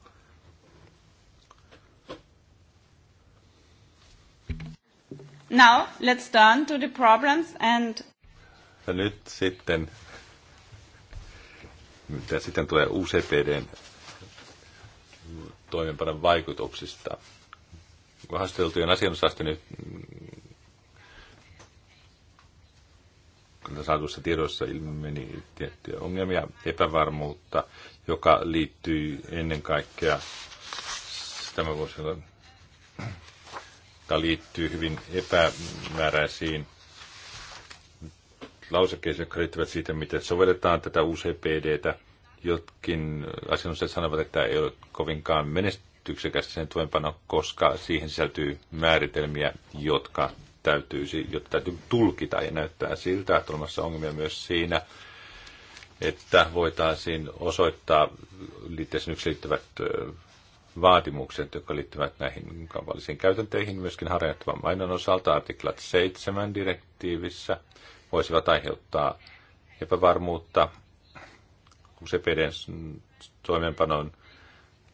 Now, let's turn to the problems and... Ja nyt sitten, mitä sitten tulee UCPDn toimenpanon vaikutuksista. Haasteltujen asianosaisten nyt mm, saatuissa tiedoissa ilmeni tiettyjä ongelmia, epävarmuutta, joka liittyy ennen kaikkea, tämä vuosien jotka liittyy hyvin epämääräisiin lausekkeisiin, jotka liittyvät siitä, miten sovelletaan tätä UCPDtä. Jotkin asianosaiset sanovat, että ei ole kovinkaan menestyksekästä sen tuenpano, koska siihen sisältyy määritelmiä, jotka täytyy, jotka täytyy tulkita ja näyttää siltä, että olemassa ongelmia myös siinä, että voitaisiin osoittaa liitteeseen yksi liittyvät vaatimukset, jotka liittyvät näihin kaupallisiin käytänteihin, myöskin harjoittavan mainon osalta artiklat 7 direktiivissä voisivat aiheuttaa epävarmuutta. UCPDn toimeenpanoon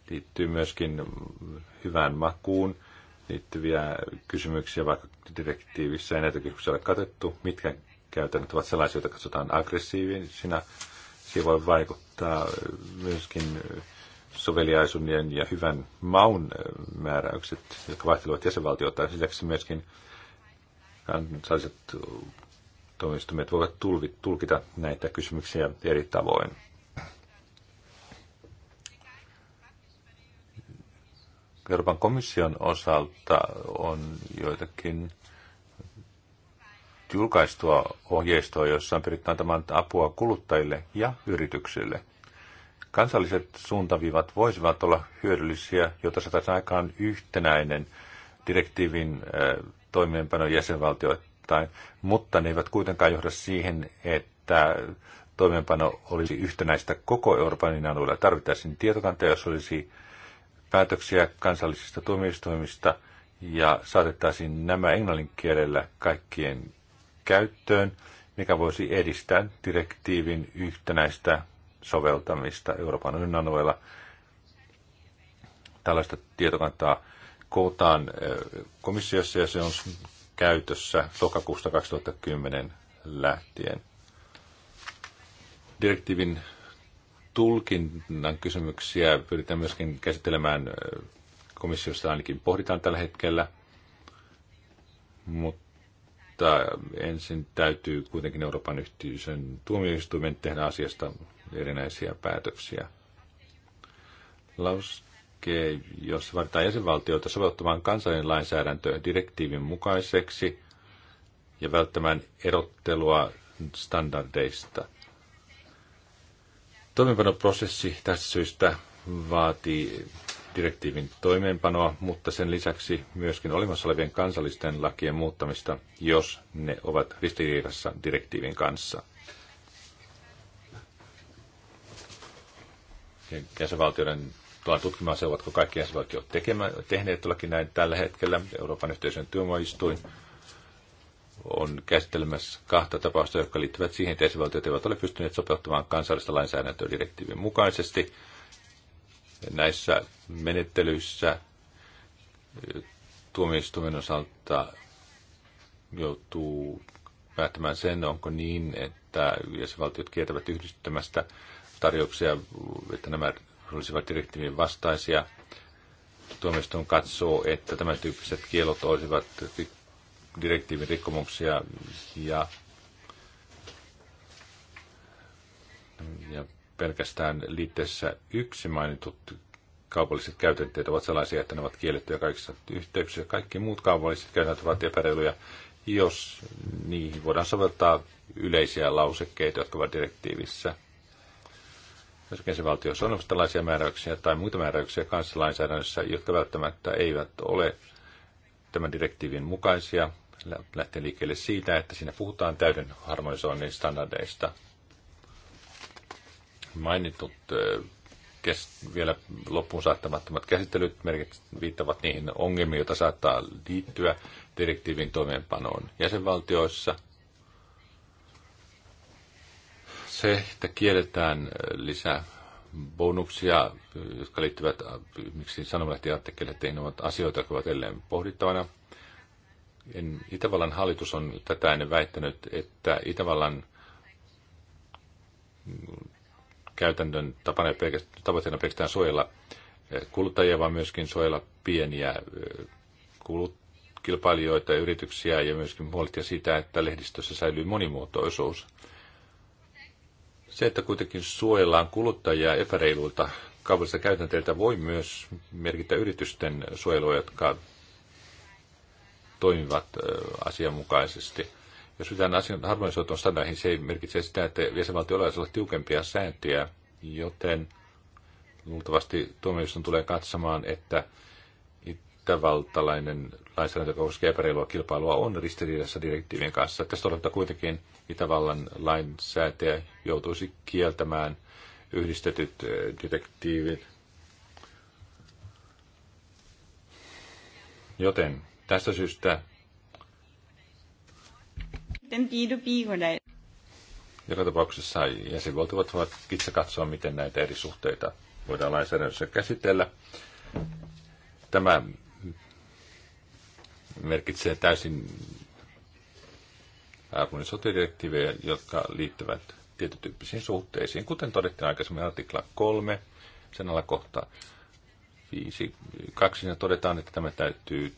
liittyy myöskin hyvään makuun liittyviä kysymyksiä, vaikka direktiivissä ei näitä kysymyksiä ole katettu. Mitkä käytännöt ovat sellaisia, joita katsotaan aggressiivisina. Siihen voi vaikuttaa myöskin soveliaisuuden ja hyvän maun äh, määräykset, jotka vaihtelevat jäsenvaltioita. Lisäksi myöskin kansalliset äh, toimistumet voivat tulkita näitä kysymyksiä eri tavoin. Euroopan komission osalta on joitakin julkaistua ohjeistoa, jossa on pyritty antamaan apua kuluttajille ja yrityksille – Kansalliset suuntaviivat voisivat olla hyödyllisiä, jotta saataisiin aikaan yhtenäinen direktiivin toimeenpano jäsenvaltioittain, mutta ne eivät kuitenkaan johda siihen, että toimeenpano olisi yhtenäistä koko Euroopan alueella. Tarvittaisiin tietokantaa, jos olisi päätöksiä kansallisista tuomioistuimista ja saatettaisiin nämä englannin kielellä kaikkien käyttöön, mikä voisi edistää direktiivin yhtenäistä soveltamista Euroopan unionin alueella. Tällaista tietokantaa kootaan komissiossa ja se on käytössä lokakuusta 2010 lähtien. Direktiivin tulkinnan kysymyksiä pyritään myöskin käsittelemään komissiossa ainakin pohditaan tällä hetkellä, mutta ensin täytyy kuitenkin Euroopan yhteisön tuomioistuimen tehdä asiasta erinäisiä päätöksiä. Lauskee, jos vaaditaan jäsenvaltioita soveltamaan kansallinen lainsäädäntö direktiivin mukaiseksi ja välttämään erottelua standardeista. Toimenpanoprosessi tästä syystä vaatii direktiivin toimeenpanoa, mutta sen lisäksi myöskin olemassa olevien kansallisten lakien muuttamista, jos ne ovat ristiriidassa direktiivin kanssa. jäsenvaltioiden tullaan tutkimaan se, ovatko kaikki jäsenvaltiot tekemään, tehneet todellakin näin tällä hetkellä. Euroopan yhteisön työmaistuin on käsittelemässä kahta tapausta, jotka liittyvät siihen, että jäsenvaltiot eivät ole pystyneet sopeuttamaan kansallista lainsäädäntöä direktiivin mukaisesti. Näissä menettelyissä eh, tuomioistuimen osalta joutuu päättämään sen, onko niin, että jäsenvaltiot kiertävät yhdistämästä tarjouksia, että nämä olisivat direktiivin vastaisia. Tuomioistuin katsoo, että tämän tyyppiset kielot olisivat direktiivin rikkomuksia ja, ja pelkästään liitteessä yksi mainitut kaupalliset käytänteet ovat sellaisia, että ne ovat kiellettyjä kaikissa yhteyksissä. Kaikki muut kaupalliset käytännöt ovat epäreiluja, jos niihin voidaan soveltaa yleisiä lausekkeita, jotka ovat direktiivissä se valtio on tällaisia määräyksiä tai muita määräyksiä kansalainsäädännössä, jotka välttämättä eivät ole tämän direktiivin mukaisia, lähtee liikkeelle siitä, että siinä puhutaan täyden harmonisoinnin standardeista. Mainitut kes- vielä loppuun saattamattomat käsittelyt merkit viittavat niihin ongelmiin, joita saattaa liittyä direktiivin toimeenpanoon jäsenvaltioissa – se, että kielletään äh, lisää bonuksia, jotka liittyvät äh, miksi sanomalehti ne ovat asioita, jotka ovat edelleen pohdittavana. En, Itävallan hallitus on tätä ennen väittänyt, että Itävallan mm, käytännön tapana pelkästään, tavoitteena pelkästään suojella äh, kuluttajia, vaan myöskin suojella pieniä kulut, kilpailijoita ja yrityksiä ja myöskin huolehtia siitä, että lehdistössä säilyy monimuotoisuus. Se, että kuitenkin suojellaan kuluttajia epäreiluilta kaupallisilta käytänteiltä, voi myös merkitä yritysten suojelua, jotka toimivat asianmukaisesti. Jos pitää asian harmonisoituun standardiin, se ei merkitse sitä, että jäsenvaltioilla olisi olla tiukempia sääntöjä, joten luultavasti tuomioistuin tulee katsomaan, että itävaltalainen lainsäädäntö, joka koskee epäreilua kilpailua, on ristiriidassa direktiivien kanssa. Tästä todellakin kuitenkin Itävallan lainsäätäjä joutuisi kieltämään yhdistetyt eh, direktiivit. Joten tästä syystä joka tapauksessa jäsenvaltiot voivat itse katsoa, miten näitä eri suhteita voidaan lainsäädännössä käsitellä. Tämä merkitsee täysin harmonisotidirektiivejä, jotka liittyvät tietytyyppisiin suhteisiin. Kuten todettiin aikaisemmin artikla 3, sen alakohta 5, 2, siinä todetaan, että tämä täytyy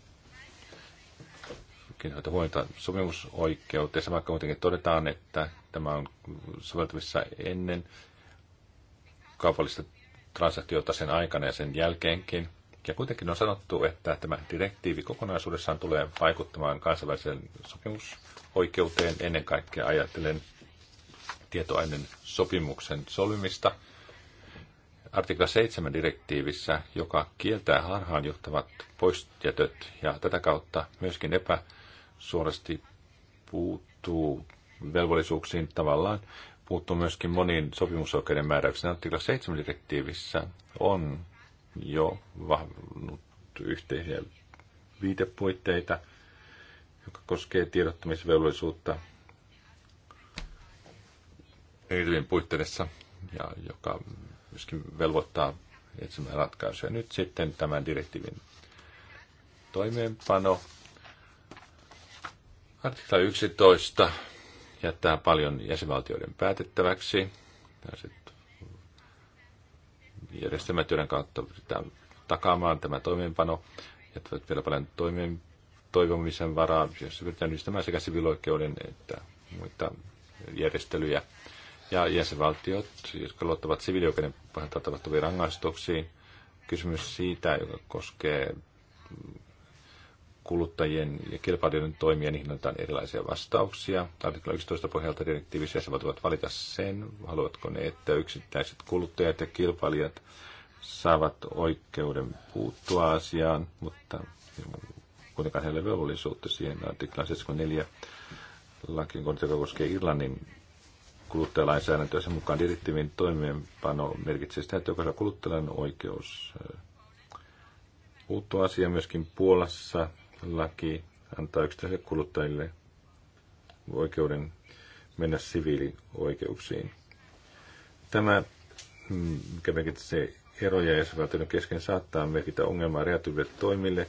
kiinnittää huomiota sopimusoikeuteen. Samalla kuitenkin todetaan, että tämä on soveltavissa ennen kaupallista transaktiota sen aikana ja sen jälkeenkin. Ja kuitenkin on sanottu, että tämä direktiivi kokonaisuudessaan tulee vaikuttamaan kansainväliseen sopimusoikeuteen ennen kaikkea ajatellen tietoaineen sopimuksen solmimista. Artikla 7 direktiivissä, joka kieltää harhaanjohtavat poistjätöt ja tätä kautta myöskin epäsuorasti puuttuu velvollisuuksiin tavallaan, puuttuu myöskin moniin sopimusoikeuden määräyksiin. Artikla 7 direktiivissä on jo vahvinnut yhteisiä viitepuitteita, joka koskee tiedottamisvelvollisuutta etyjen puitteissa ja joka myöskin velvoittaa etsimään ratkaisuja. Nyt sitten tämän direktiivin toimeenpano. Artikla 11 jättää paljon jäsenvaltioiden päätettäväksi. Tällaiset järjestelmätyön kautta pyritään takaamaan tämä toimeenpano, että vielä paljon toimeen, toivomisen varaa, jos pyritään yhdistämään sekä siviloikeuden että muita järjestelyjä. Ja jäsenvaltiot, jotka luottavat siviilioikeuden pohjalta tapahtuviin rangaistuksiin, kysymys siitä, joka koskee kuluttajien ja kilpailijoiden toimien annetaan erilaisia vastauksia. Artikla 11 pohjalta direktiivissä jäsenvaltiot voivat valita sen, haluatko ne, että yksittäiset kuluttajat ja kilpailijat saavat oikeuden puuttua asiaan, mutta kuitenkaan heillä ei ole velvollisuutta siihen. Artikla 74 lakiin, joka koskee Irlannin kuluttajalainsäädäntöä. Sen mukaan direktiivin toimeenpano merkitsee sitä, että jokaisella kuluttajalla on oikeus puuttua asiaan myöskin Puolassa laki antaa yksittäisille kuluttajille oikeuden mennä siviilioikeuksiin. Tämä, mikä merkitsee eroja jäsenvaltioiden kesken, saattaa merkitä ongelmaa räätyville toimille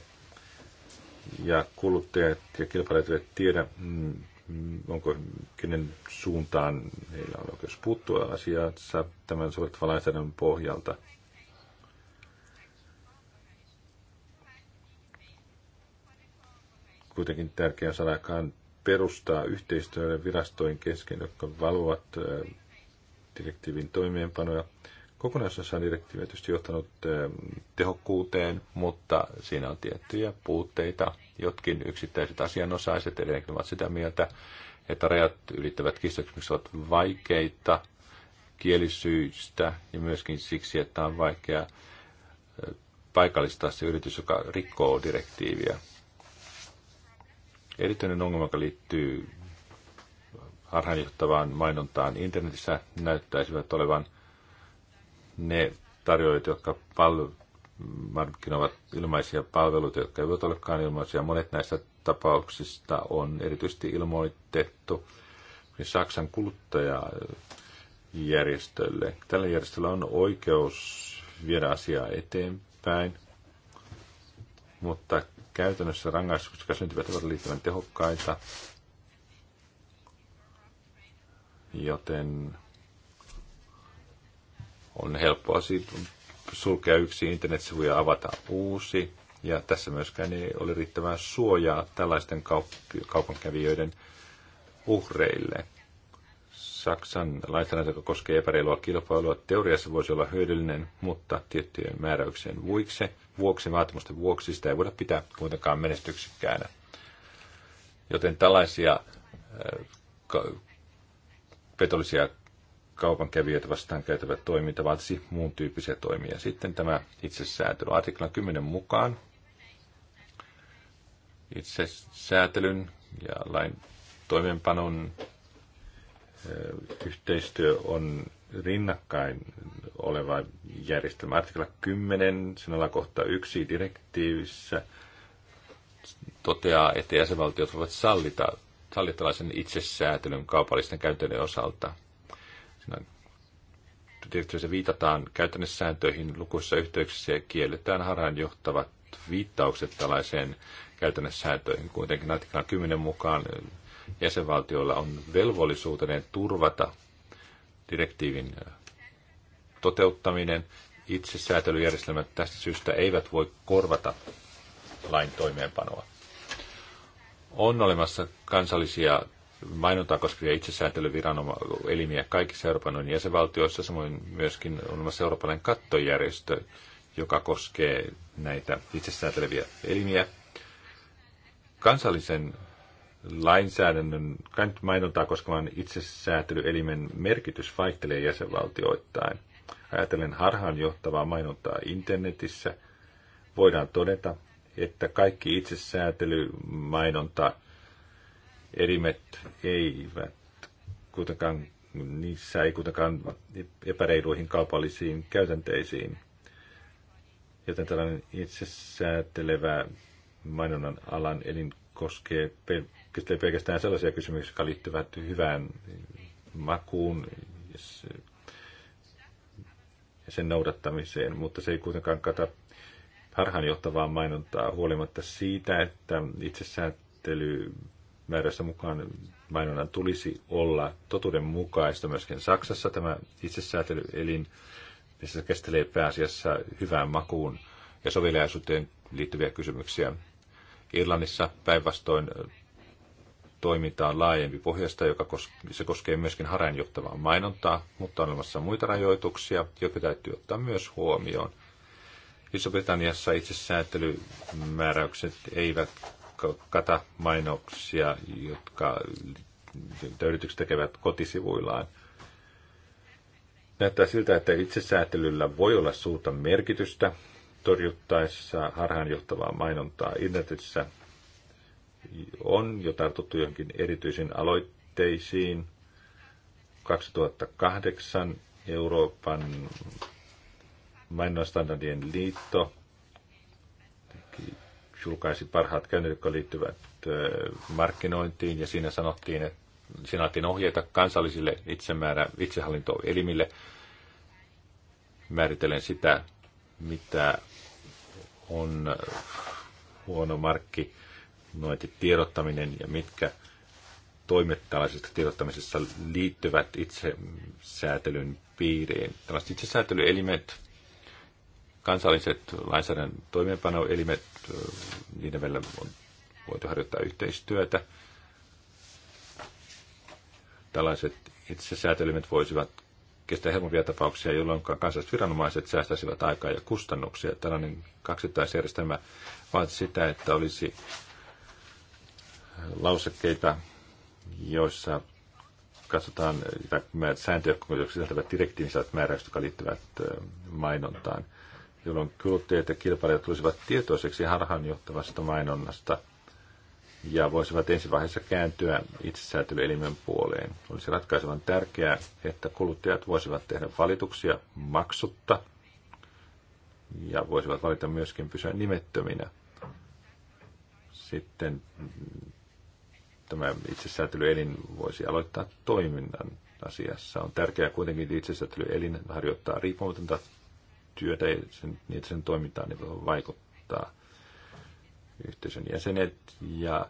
ja kuluttajat ja kilpailijat eivät tiedä, mm, onko kenen suuntaan heillä on oikeus puuttua asiaa tämän soveltavan lainsäädännön pohjalta – kuitenkin tärkeää saada aikaan perustaa yhteistyölle virastojen kesken, jotka valvovat direktiivin toimeenpanoja. Kokonaisuudessaan direktiivi on tietysti johtanut tehokkuuteen, mutta siinä on tiettyjä puutteita. Jotkin yksittäiset asianosaiset edelleenkin ovat sitä mieltä, että rajat ylittävät kistakysymykset ovat vaikeita kielisyistä ja myöskin siksi, että on vaikea paikallistaa se yritys, joka rikkoo direktiiviä erityinen ongelma, joka liittyy harhaanjohtavaan mainontaan internetissä, näyttäisivät olevan ne tarjoajat, jotka palvelu, markkinoivat ilmaisia palveluita, jotka eivät olekaan ilmaisia. Monet näistä tapauksista on erityisesti ilmoitettu Saksan kuluttajajärjestölle. Tällä järjestöllä on oikeus viedä asiaa eteenpäin, mutta Käytännössä rangaistukset, jotka syntyvät, ovat liittyvän tehokkaita, joten on helppoa siitä sulkea yksi internetsivu ja avata uusi. Ja tässä myöskään ei ole riittävää suojaa tällaisten kaup- kaupankävijöiden uhreille. Saksan lainsäädäntö, joka koskee epäreilua kilpailua, teoriassa voisi olla hyödyllinen, mutta tiettyjen määräyksien vuikse, vuoksi, vaatimusten vuoksi sitä ei voida pitää kuitenkaan menestyksekkäänä. Joten tällaisia äh, ka- petollisia kaupankävijöitä vastaan käytävä toiminta vaatisi muun tyyppisiä toimia. Sitten tämä säätely. Artiklan 10 mukaan säätelyn ja lain toimeenpanon yhteistyö on rinnakkain oleva järjestelmä. Artikla 10, sen alakohta 1 direktiivissä toteaa, että jäsenvaltiot voivat sallita, sallia itsesäätelyn kaupallisten käytäntöjen osalta. Siinä direktiivissä viitataan käytännössääntöihin lukuissa yhteyksissä ja kielletään harhaanjohtavat viittaukset tällaiseen käytännössääntöihin. Kuitenkin artiklan 10 mukaan jäsenvaltioilla on velvollisuutinen turvata direktiivin toteuttaminen. Itsesäätelyjärjestelmät tästä syystä eivät voi korvata lain toimeenpanoa. On olemassa kansallisia mainontaa koskevia itsesääntelyviranomaelimiä kaikissa Euroopan unionin jäsenvaltioissa, samoin myöskin on olemassa Euroopan kattojärjestö, joka koskee näitä itsesääteleviä elimiä. Kansallisen lainsäädännön mainontaa koskevan itsesäätelyelimen merkitys vaihtelee jäsenvaltioittain. Ajatellen harhaanjohtavaa mainontaa internetissä, voidaan todeta, että kaikki itsesäätelymainonta erimet eivät kuitenkaan, niissä ei kuitenkaan epäreiluihin kaupallisiin käytänteisiin. Joten tällainen itsesäätelevä mainonnan alan elin koskee käsittele pelkästään sellaisia kysymyksiä, jotka liittyvät hyvään makuun ja sen noudattamiseen, mutta se ei kuitenkaan kata harhaanjohtavaa mainontaa huolimatta siitä, että itsesääntely määrässä mukaan mainonnan tulisi olla totuudenmukaista myöskin Saksassa tämä eli missä se käsittelee pääasiassa hyvään makuun ja soveliaisuuteen liittyviä kysymyksiä. Irlannissa päinvastoin toiminta on laajempi pohjasta, joka kos- se koskee myöskin harhaanjohtavaa mainontaa, mutta on olemassa muita rajoituksia, jotka täytyy ottaa myös huomioon. Iso-Britanniassa itsesäätelymääräykset eivät kata mainoksia, jotka yritykset tekevät kotisivuillaan. Näyttää siltä, että itsesäätelyllä voi olla suurta merkitystä torjuttaessa harhaanjohtavaa mainontaa internetissä on jo tartuttu jonkin erityisiin aloitteisiin. 2008 Euroopan mainostandardien liitto julkaisi parhaat käynnit, jotka liittyvät markkinointiin, ja siinä sanottiin, että siinä alettiin ohjeita kansallisille itsemäärä, itsehallintoelimille määritellen sitä, mitä on huono markki nointi tiedottaminen ja mitkä toimet tällaisesta tiedottamisessa liittyvät itsesäätelyn piiriin. Tällaiset itsesäätelyelimet, kansalliset lainsäädännön toimeenpanoelimet, niiden välillä on voitu harjoittaa yhteistyötä. Tällaiset itsesäätelymet voisivat kestää helpompia tapauksia, jolloin kansalliset viranomaiset säästäisivät aikaa ja kustannuksia. Tällainen kaksittaisjärjestelmä vaati sitä, että olisi lausekkeita, joissa katsotaan sääntöjä, jotka sisältävät direktiiviset määräykset, jotka liittyvät mainontaan, jolloin kuluttajat ja kilpailijat tulisivat tietoiseksi harhaanjohtavasta mainonnasta ja voisivat ensi vaiheessa kääntyä itsesäätelyelimen puoleen. Olisi ratkaisevan tärkeää, että kuluttajat voisivat tehdä valituksia maksutta ja voisivat valita myöskin pysyä nimettöminä. Sitten tämä itsesäätelyelin voisi aloittaa toiminnan asiassa. On tärkeää kuitenkin, että itsesäätelyelin harjoittaa riippumatonta työtä ja sen, niin, sen toimintaan ei voi vaikuttaa yhteisön jäsenet ja,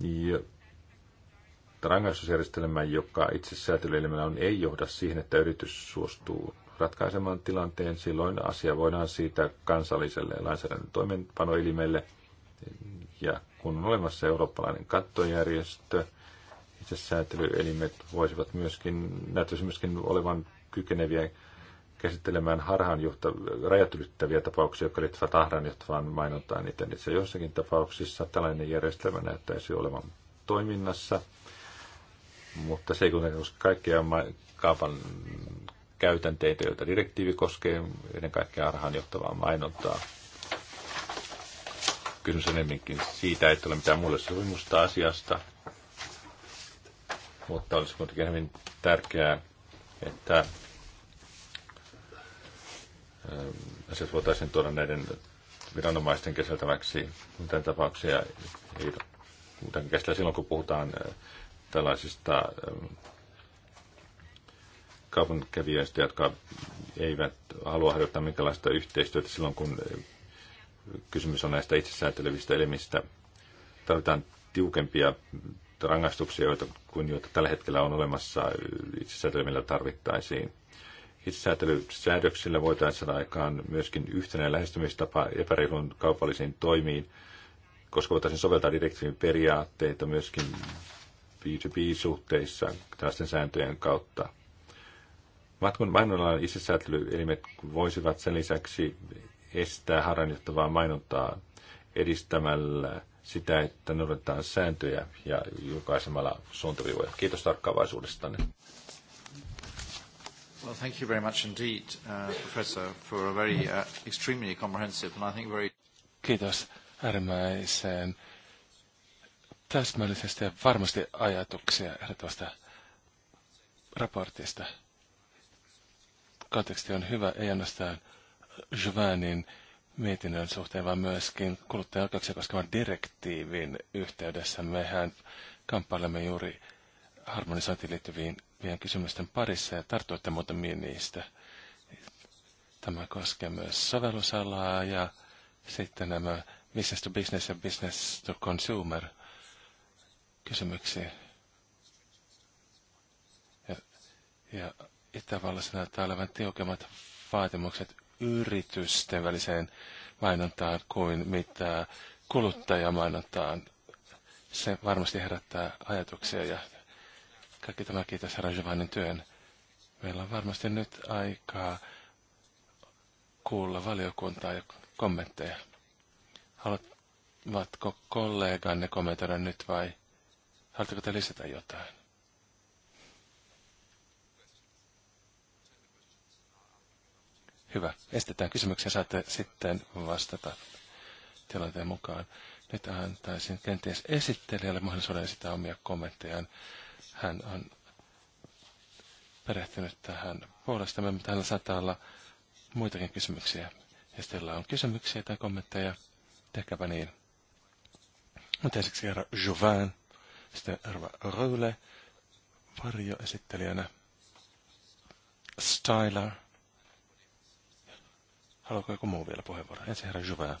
ja rangaistusjärjestelmä, joka itsesäätelyelimellä on, ei johda siihen, että yritys suostuu ratkaisemaan tilanteen. Silloin asia voidaan siitä kansalliselle lainsäädännön toimenpanoelimelle ja kun on olemassa eurooppalainen kattojärjestö, itse säätelyelimet voisivat myöskin, näyttäisi myöskin olevan kykeneviä käsittelemään harhaanjohta, rajat ylittäviä tapauksia, jotka liittyvät harhaanjohtavaan mainontaan, niin itse jossakin tapauksissa tällainen järjestelmä näyttäisi olevan toiminnassa, mutta se ei kuitenkaan koske kaikkia kaupan käytänteitä, joita direktiivi koskee, ennen kaikkea harhaanjohtavaa mainontaa. Kysymys enemminkin siitä, että ole mitään muulle sopimusta asiasta, mutta olisi kuitenkin hyvin tärkeää, että ähm, asiat voitaisiin tuoda näiden viranomaisten käsiteltäväksi mitään tapauksia ei muutenkin käsitellä silloin, kun puhutaan äh, tällaisista ähm, kaupunkikävijöistä, jotka eivät halua harjoittaa minkälaista yhteistyötä silloin, kun kysymys on näistä itsesäätelevistä elimistä. Tarvitaan tiukempia rangaistuksia, joita, kuin joita tällä hetkellä on olemassa itsesäätelemillä tarvittaisiin. Itsesäätelysäädöksillä voitaisiin saada aikaan myöskin yhtenäinen lähestymistapa epäreilun kaupallisiin toimiin, koska voitaisiin soveltaa direktiivin periaatteita myöskin B2B-suhteissa tällaisten sääntöjen kautta. Matkun mainonnan itsesäätelyelimet voisivat sen lisäksi estää harjoittavaa mainontaa edistämällä sitä, että noudatetaan sääntöjä ja julkaisemalla suuntaviivoja. Kiitos tarkkaavaisuudestanne. Well, thank you very much indeed, uh, Professor, for a very uh, extremely comprehensive and I think very... Kiitos äärimmäisen täsmällisestä ja varmasti ajatuksia herättävästä raportista. Konteksti on hyvä, ei ainoastaan Jovanin mietinnön suhteen, vaan myöskin kuluttajaoikeuksia koskevan direktiivin yhteydessä. Mehän kamppailemme juuri harmonisointiin liittyvien kysymysten parissa ja tartuitte muutamia niistä. Tämä koskee myös sovellusalaa ja sitten nämä business to business ja business to consumer kysymyksiä. Ja, ja Itävallassa näyttää olevan tiukemmat vaatimukset yritysten väliseen mainontaan kuin mitä kuluttajamainontaan. Se varmasti herättää ajatuksia ja kaikki tämä kiitos Rajavainen työn. Meillä on varmasti nyt aikaa kuulla valiokuntaa ja kommentteja. Haluatko kolleganne kommentoida nyt vai haluatteko te lisätä jotain? Hyvä. Estetään kysymyksiä, saatte sitten vastata tilanteen mukaan. Nyt antaisin kenties esittelijälle mahdollisuuden esittää omia kommenttejaan. Hän on perehtynyt tähän puolestamme, mutta hänellä saattaa olla muitakin kysymyksiä. Jos teillä on kysymyksiä tai kommentteja, tehkääpä niin. Mutta ensiksi herra Jouvin, sitten herra Röyle, varjoesittelijänä, Styler – Haluatko joku muu vielä puheenvuoro? Ensin herra Juvea.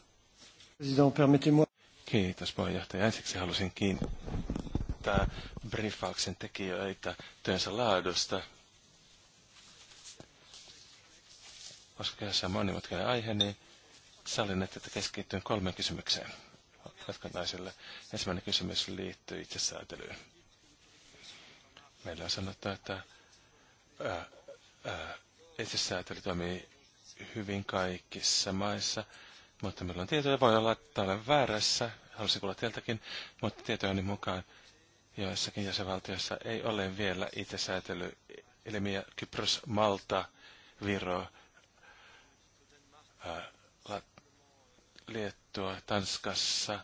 Kiitos puheenjohtaja. Ensiksi halusin kiinnittää briefauksen tekijöitä työnsä laadusta. Koska kyseessä on monimutkainen aihe, niin sallin, että keskityn kolmeen kysymykseen jatkantaisille. Ensimmäinen kysymys liittyy itsesäätelyyn. Meillä on sanottu, että ää, ää, itsesäätely toimii hyvin kaikissa maissa, mutta meillä on tietoja, voi olla, että olen väärässä, halusin kuulla teiltäkin, mutta tietojeni mukaan joissakin jäsenvaltioissa ei ole vielä itsesäätelyelimiä Kypros, Malta, Viro, Liettua, Tanskassa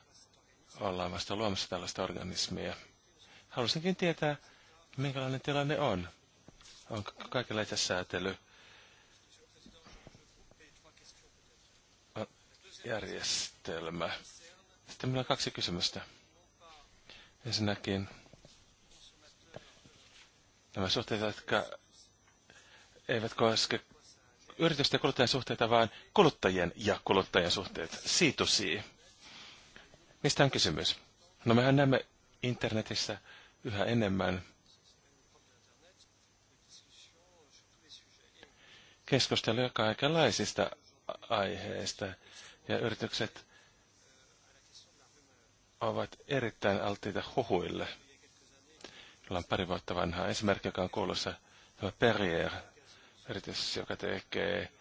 ollaan vasta luomassa tällaista organismia. Haluaisinkin tietää, minkälainen tilanne on. Onko kaikilla itsesäätely? säätely? järjestelmä. Sitten meillä on kaksi kysymystä. Ensinnäkin nämä suhteet, jotka eivät koske yritysten ja kuluttajien suhteita, vaan kuluttajien ja kuluttajien suhteet. Siitusi. Mistä on kysymys? No mehän näemme internetissä yhä enemmän keskusteluja kaikenlaisista aiheista, ja yritykset ovat erittäin alttiita huhuille. Jolla on pari vuotta vanhaa esimerkki, joka on kuulossa, tämä Perrier, yritys, joka tekee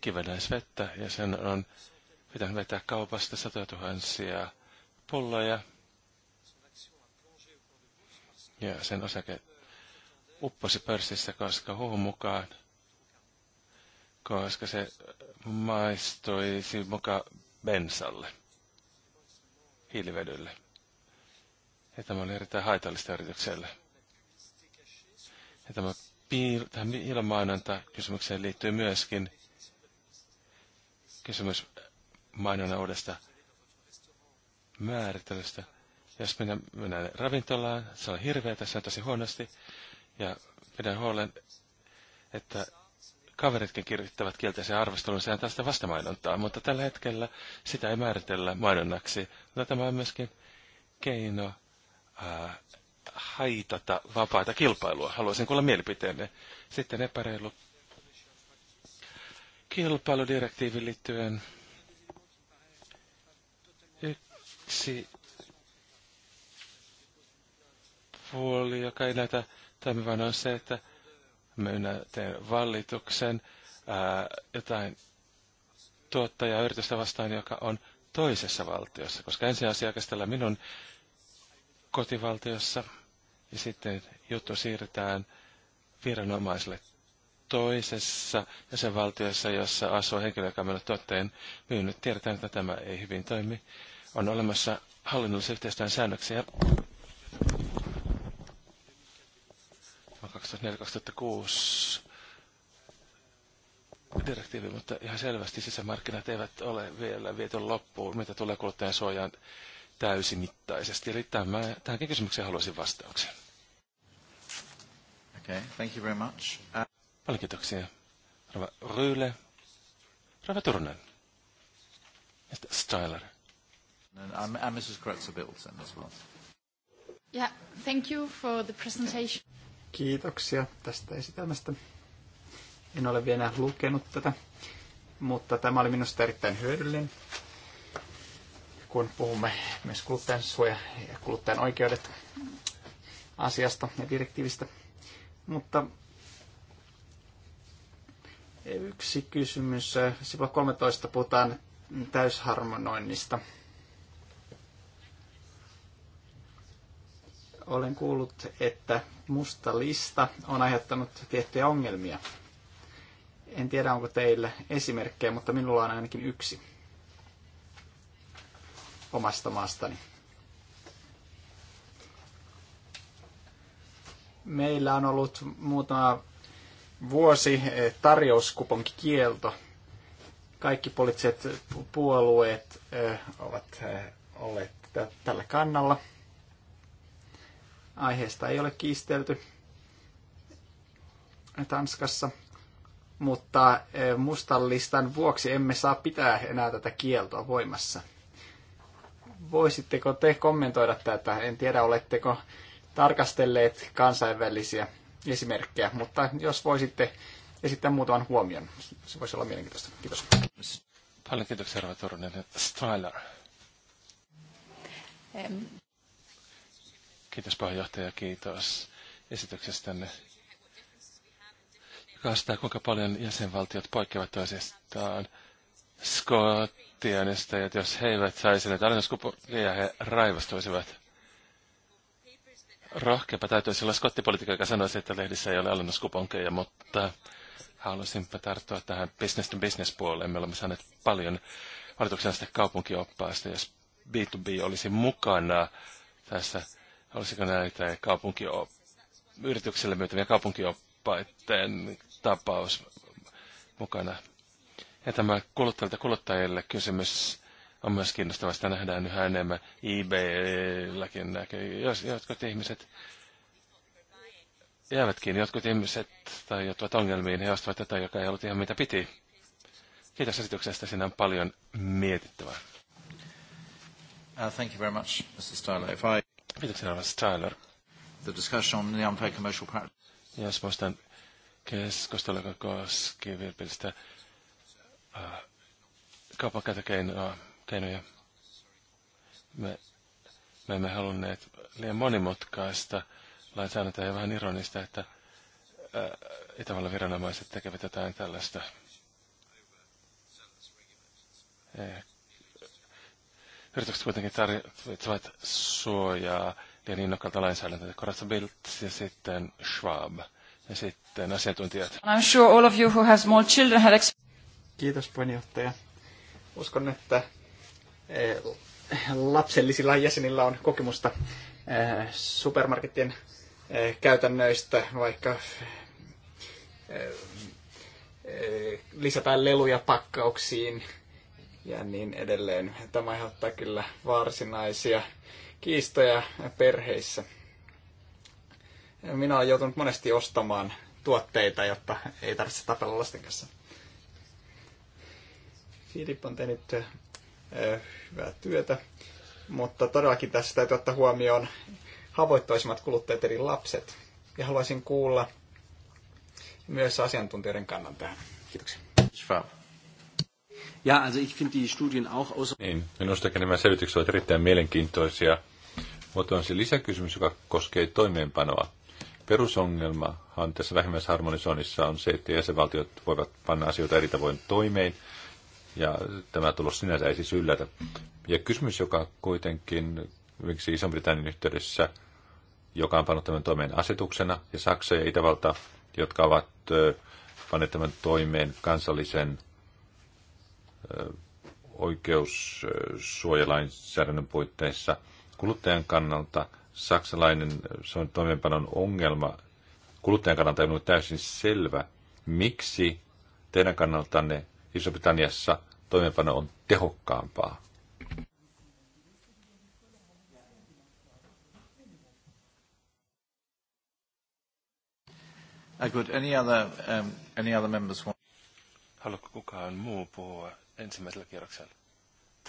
kivenäisvettä, ja sen on pitänyt vetää kaupasta satoja tuhansia pulloja. Ja sen osake upposi pörssissä, koska huhun mukaan – koska se maistoisi muka bensalle, hiilivedylle. Ja tämä oli erittäin haitallista yritykselle. Ja tämä piir- tähän ilmainonta-kysymykseen liittyy myöskin kysymys mainonnan uudesta määrittelystä. Jos minä mennään ravintolaan, se on hirveä, tässä on tosi huonosti, ja pidän huolen, että kaveritkin kirjoittavat kielteisen arvostelun, sehän tästä vastamainontaa, mutta tällä hetkellä sitä ei määritellä mainonnaksi. Mutta tämä on myöskin keino ää, äh, haitata vapaata kilpailua. Haluaisin kuulla mielipiteenne. Sitten epäreilu kilpailudirektiivin liittyen yksi puoli, joka ei näytä toimivan, on se, että minä teen vallituksen ää, jotain tuottajaa yritystä vastaan, joka on toisessa valtiossa, koska ensin asiakas tällä minun kotivaltiossa ja sitten juttu siirretään viranomaiselle toisessa sen valtiossa, jossa asuu henkilö, joka meillä tuotteen myynyt. Tiedetään, että tämä ei hyvin toimi. On olemassa hallinnollisen yhteistyön säännöksiä, 2004-2006 direktiivi, mutta ihan selvästi sisämarkkinat eivät ole vielä viety loppuun, mitä tulee kuluttajan suojaan täysimittaisesti. Eli tämän, tähänkin kysymykseen haluaisin vastauksen. Okay, thank you very much. Uh... Paljon kiitoksia. Rava Ryyle, Rava Turunen ja Styler. Um, and, Mrs. Kretzer-Biltsen as well. Yeah, thank you for the presentation. Kiitoksia tästä esitelmästä. En ole vielä lukenut tätä, mutta tämä oli minusta erittäin hyödyllinen, kun puhumme myös kuluttajan suoja ja kuluttajan oikeudet asiasta ja direktiivistä. Mutta yksi kysymys. Sivulla 13 puhutaan täysharmonoinnista – olen kuullut, että musta lista on aiheuttanut tiettyjä ongelmia. En tiedä, onko teillä esimerkkejä, mutta minulla on ainakin yksi omasta maastani. Meillä on ollut muutama vuosi tarjouskuponkikielto. Kaikki poliittiset puolueet ovat olleet tällä kannalla – Aiheesta ei ole kiistelty Tanskassa, mutta e, mustan listan vuoksi emme saa pitää enää tätä kieltoa voimassa. Voisitteko te kommentoida tätä? En tiedä, oletteko tarkastelleet kansainvälisiä esimerkkejä, mutta jos voisitte esittää muutaman huomion, se voisi olla mielenkiintoista. Kiitos. Paljon kiitoksia, Rava Turunen. Styler. Kiitos puheenjohtaja, kiitos esityksestänne. Kastaa, kuinka paljon jäsenvaltiot poikkeavat toisistaan. Skottien että jos he eivät saisi näitä alennuskupuja, he raivostuisivat. Rohkeapa täytyisi olla skottipolitiikka, joka sanoisi, että lehdissä ei ole alennuskuponkeja, mutta halusinpä tarttua tähän business to business puoleen. Me olemme saaneet paljon valituksia näistä kaupunkioppaasta, jos B2B olisi mukana tässä olisiko näitä kaupunkio- yritykselle myytäviä kaupunkioppaiden tapaus mukana. Ja tämä kuluttajilta kuluttajille kysymys on myös kiinnostavaa. Sitä nähdään yhä enemmän. eBaylläkin näkyy. Jos jotkut ihmiset jäävätkin, jotkut ihmiset tai joutuvat ongelmiin, he ostavat tätä, joka ei ollut ihan mitä piti. Kiitos esityksestä. Siinä on paljon mietittävää. Uh, thank you very much, Mr. Stylo. If I... Kiitoksia, Alas Tyler. The discussion on the unfair commercial practice. se muistan keskustelu, joka koski virpillistä äh, kaupankäytökeinoja. Me, me emme halunneet liian monimutkaista lainsäädäntöä ja vähän ironista, että äh, Itävallan viranomaiset tekevät jotain tällaista. Eh, Yritykset kuitenkin tarvitsevat suojaa niin innokkaalta lainsäädäntöä, Korasta Bilt ja sitten Schwab ja sitten asiantuntijat. I'm sure all of you who have small children have Kiitos puheenjohtaja. Uskon, että eh, lapsellisilla jäsenillä on kokemusta eh, supermarkettien eh, käytännöistä, vaikka lisätään leluja pakkauksiin, ja niin edelleen. Tämä aiheuttaa kyllä varsinaisia kiistoja perheissä. Minä olen joutunut monesti ostamaan tuotteita, jotta ei tarvitse tapella lasten kanssa. Filip on tehnyt hyvää työtä, mutta todellakin tässä täytyy ottaa huomioon havoittoisimmat kuluttajat eli lapset. Ja haluaisin kuulla myös asiantuntijoiden kannan tähän. Kiitoksia. Schwab. Ja, also ich finde die Studien auch aus... Niin, minustakin nämä selvitykset ovat erittäin mielenkiintoisia, mutta on se lisäkysymys, joka koskee toimeenpanoa. Perusongelmahan tässä vähimmäisharmonisoinnissa on se, että jäsenvaltiot voivat panna asioita eri tavoin toimeen, ja tämä tulos sinänsä ei siis yllätä. Ja kysymys, joka kuitenkin miksi Iso-Britannian yhteydessä, joka on pannut tämän toimeen asetuksena, ja Saksa ja Itävalta, jotka ovat panneet tämän toimeen kansallisen oikeussuojalainsäädännön puitteissa. Kuluttajan kannalta saksalainen se on toimeenpanon ongelma. Kuluttajan kannalta ei ole täysin selvä, miksi teidän kannaltanne Iso-Britanniassa toimeenpano on tehokkaampaa. Uh, good. Any other, um, any other members want? Haluatko kukaan muu puhua ensimmäisellä kierroksella.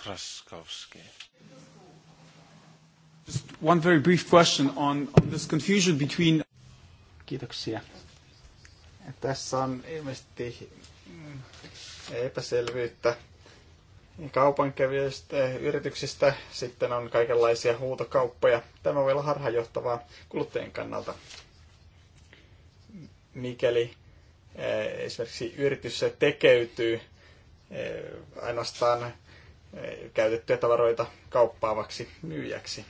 Traskowski. Just one very brief question on, on this confusion between... Kiitoksia. Tässä on ilmeisesti mm, epäselvyyttä kaupankävijöistä, yrityksistä. Sitten on kaikenlaisia huutokauppoja. Tämä voi olla harhaanjohtavaa kuluttajien kannalta. Mikäli eh, esimerkiksi yritys tekeytyy Eh, ainoastaan eh, käytettyjä tavaroita kauppaavaksi myyjäksi.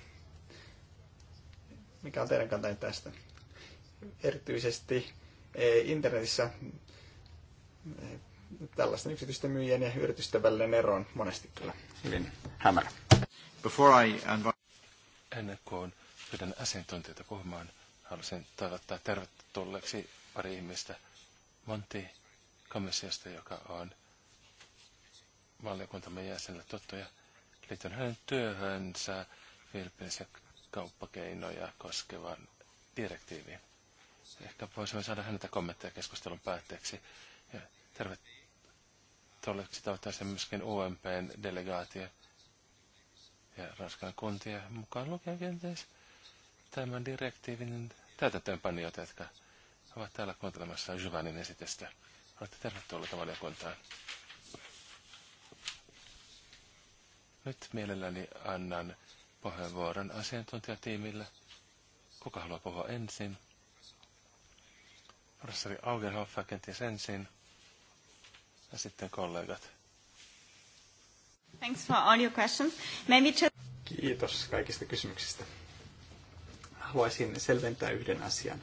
Mikä on teidän kantanne tästä? Erityisesti eh, internetissä tällaisten yksityisten myyjien ja yritysten välinen ero on monesti kyllä hyvin hämärä. Before I invite... Ennen kuin pyydän asiantuntijoita puhumaan, haluaisin toivottaa tervetulleeksi pari ihmistä. Monti komissiosta, joka on valiokuntamme jäsenille tuttuja liittyen hänen työhönsä Filippiinissä kauppakeinoja koskevan direktiiviin. Ehkä voisimme saada häntä kommentteja keskustelun päätteeksi. Ja tervetulleeksi toivottavasti myöskin UMPn delegaatio ja Ranskan kuntia mukaan lukien kenties tämän direktiivin täytäntöönpanijoita, jotka ovat täällä kuuntelemassa Juvanin esitystä. Olette tervetulleita valiokuntaan. Nyt mielelläni annan puheenvuoron asiantuntijatiimille. Kuka haluaa puhua ensin? Professori Augenhoffa kenties ensin ja sitten kollegat. Thanks for all your questions. Maybe just... Kiitos kaikista kysymyksistä. Haluaisin selventää yhden asian.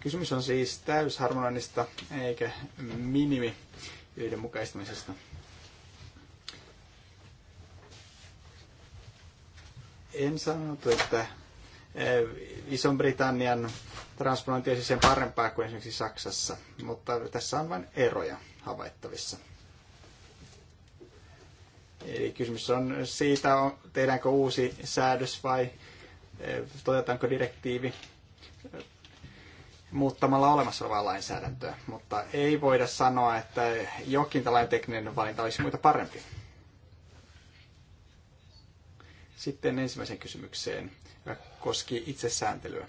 Kysymys on siis täysharmonista eikä minimi yhdenmukaistamisesta. En sanonut, että Ison-Britannian transplantti olisi sen parempaa kuin esimerkiksi Saksassa, mutta tässä on vain eroja havaittavissa. Eli kysymys on siitä, tehdäänkö uusi säädös vai toteutetaanko direktiivi muuttamalla olemassa olevaa lainsäädäntöä, mutta ei voida sanoa, että jokin tällainen tekninen valinta olisi muita parempi. Sitten ensimmäiseen kysymykseen, joka koski itsesääntelyä.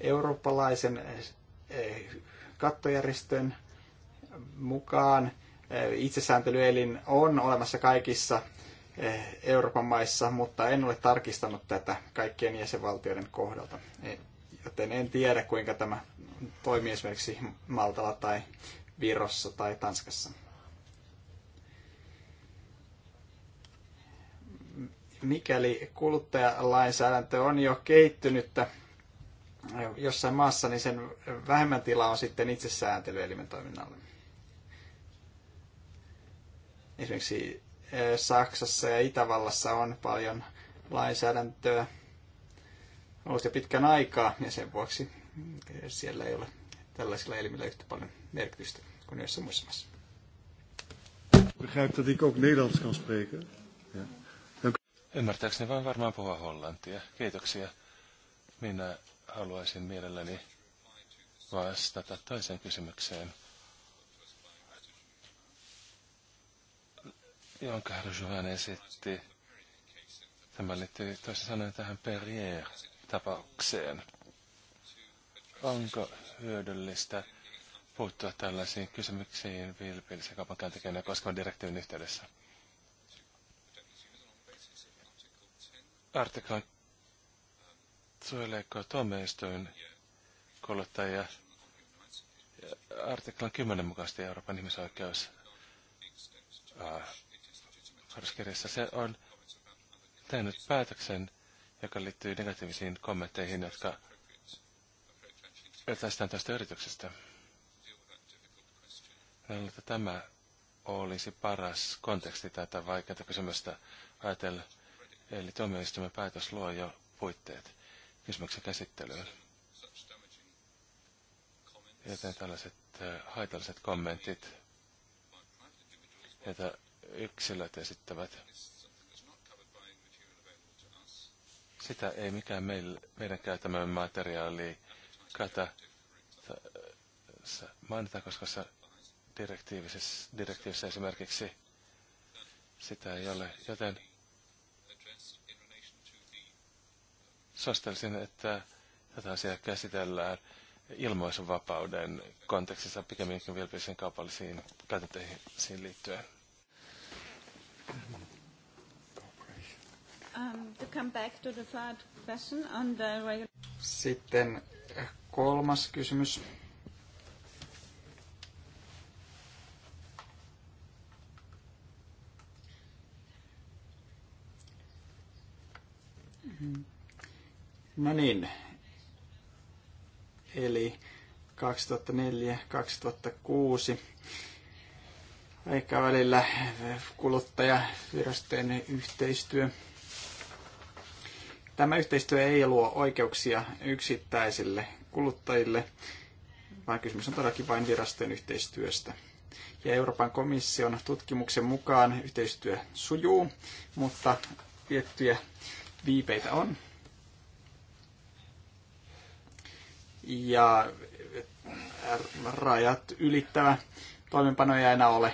Eurooppalaisen eh, kattojärjestön mukaan eh, itsesääntelyelin on olemassa kaikissa Eh, Euroopan maissa, mutta en ole tarkistanut tätä kaikkien jäsenvaltioiden kohdalta. E, joten en tiedä, kuinka tämä toimii esimerkiksi Maltalla tai Virossa tai Tanskassa. Mikäli kuluttajalainsäädäntö on jo kehittynyttä jossain maassa, niin sen vähemmän tila on sitten itsesääntelyelimen toiminnalle. Esimerkiksi Saksassa ja Itävallassa on paljon lainsäädäntöä ollut jo pitkän aikaa ja sen vuoksi siellä ei ole tällaisilla elimillä yhtä paljon merkitystä kuin joissa muissa maissa. Begrijp dat ik ook Nederlands kan spreken. Ja. Ymmärtääkseni vain varmaan puhua hollantia. Kiitoksia. Minä haluaisin mielelläni vastata toiseen kysymykseen jonka Rujuhan esitti. Tämä liittyy toisin sanoen tähän Perrier-tapaukseen. Onko hyödyllistä puuttua tällaisiin kysymyksiin vilpillisen kaupankäyntikeinä koskevan direktiivin yhteydessä? Artiklan suojeleeko tuomioistuin kuluttajia artiklan 10 mukaisesti Euroopan ihmisoikeus Soruskirjassa se on tehnyt päätöksen, joka liittyy negatiivisiin kommentteihin, jotka tästä tästä yrityksestä. Luulen, että tämä olisi paras konteksti tätä vaikeaa kysymystä ajatella. Eli tuomioistuimen päätös luo jo puitteet kysymyksen käsittelyyn. Joten tällaiset äh, haitalliset kommentit, joita yksilöt esittävät. Sitä ei mikään meille, meidän käytämämme materiaali kata mainita, koska se direktiivissä, direktiivisessä esimerkiksi sitä ei ole. Joten suosittelisin, että tätä asiaa käsitellään ilmaisuvapauden kontekstissa pikemminkin vilpisen kaupallisiin käytänteisiin liittyen. come back to the third question on the... Sitten kolmas kysymys. Mm-hmm. No niin. Eli 2004-2006 aikavälillä kuluttajavirastojen yhteistyö Tämä yhteistyö ei luo oikeuksia yksittäisille kuluttajille, vaan kysymys on todellakin vain virastojen yhteistyöstä. Ja Euroopan komission tutkimuksen mukaan yhteistyö sujuu, mutta tiettyjä viipeitä on. Ja rajat ylittävä toimenpano ei aina ole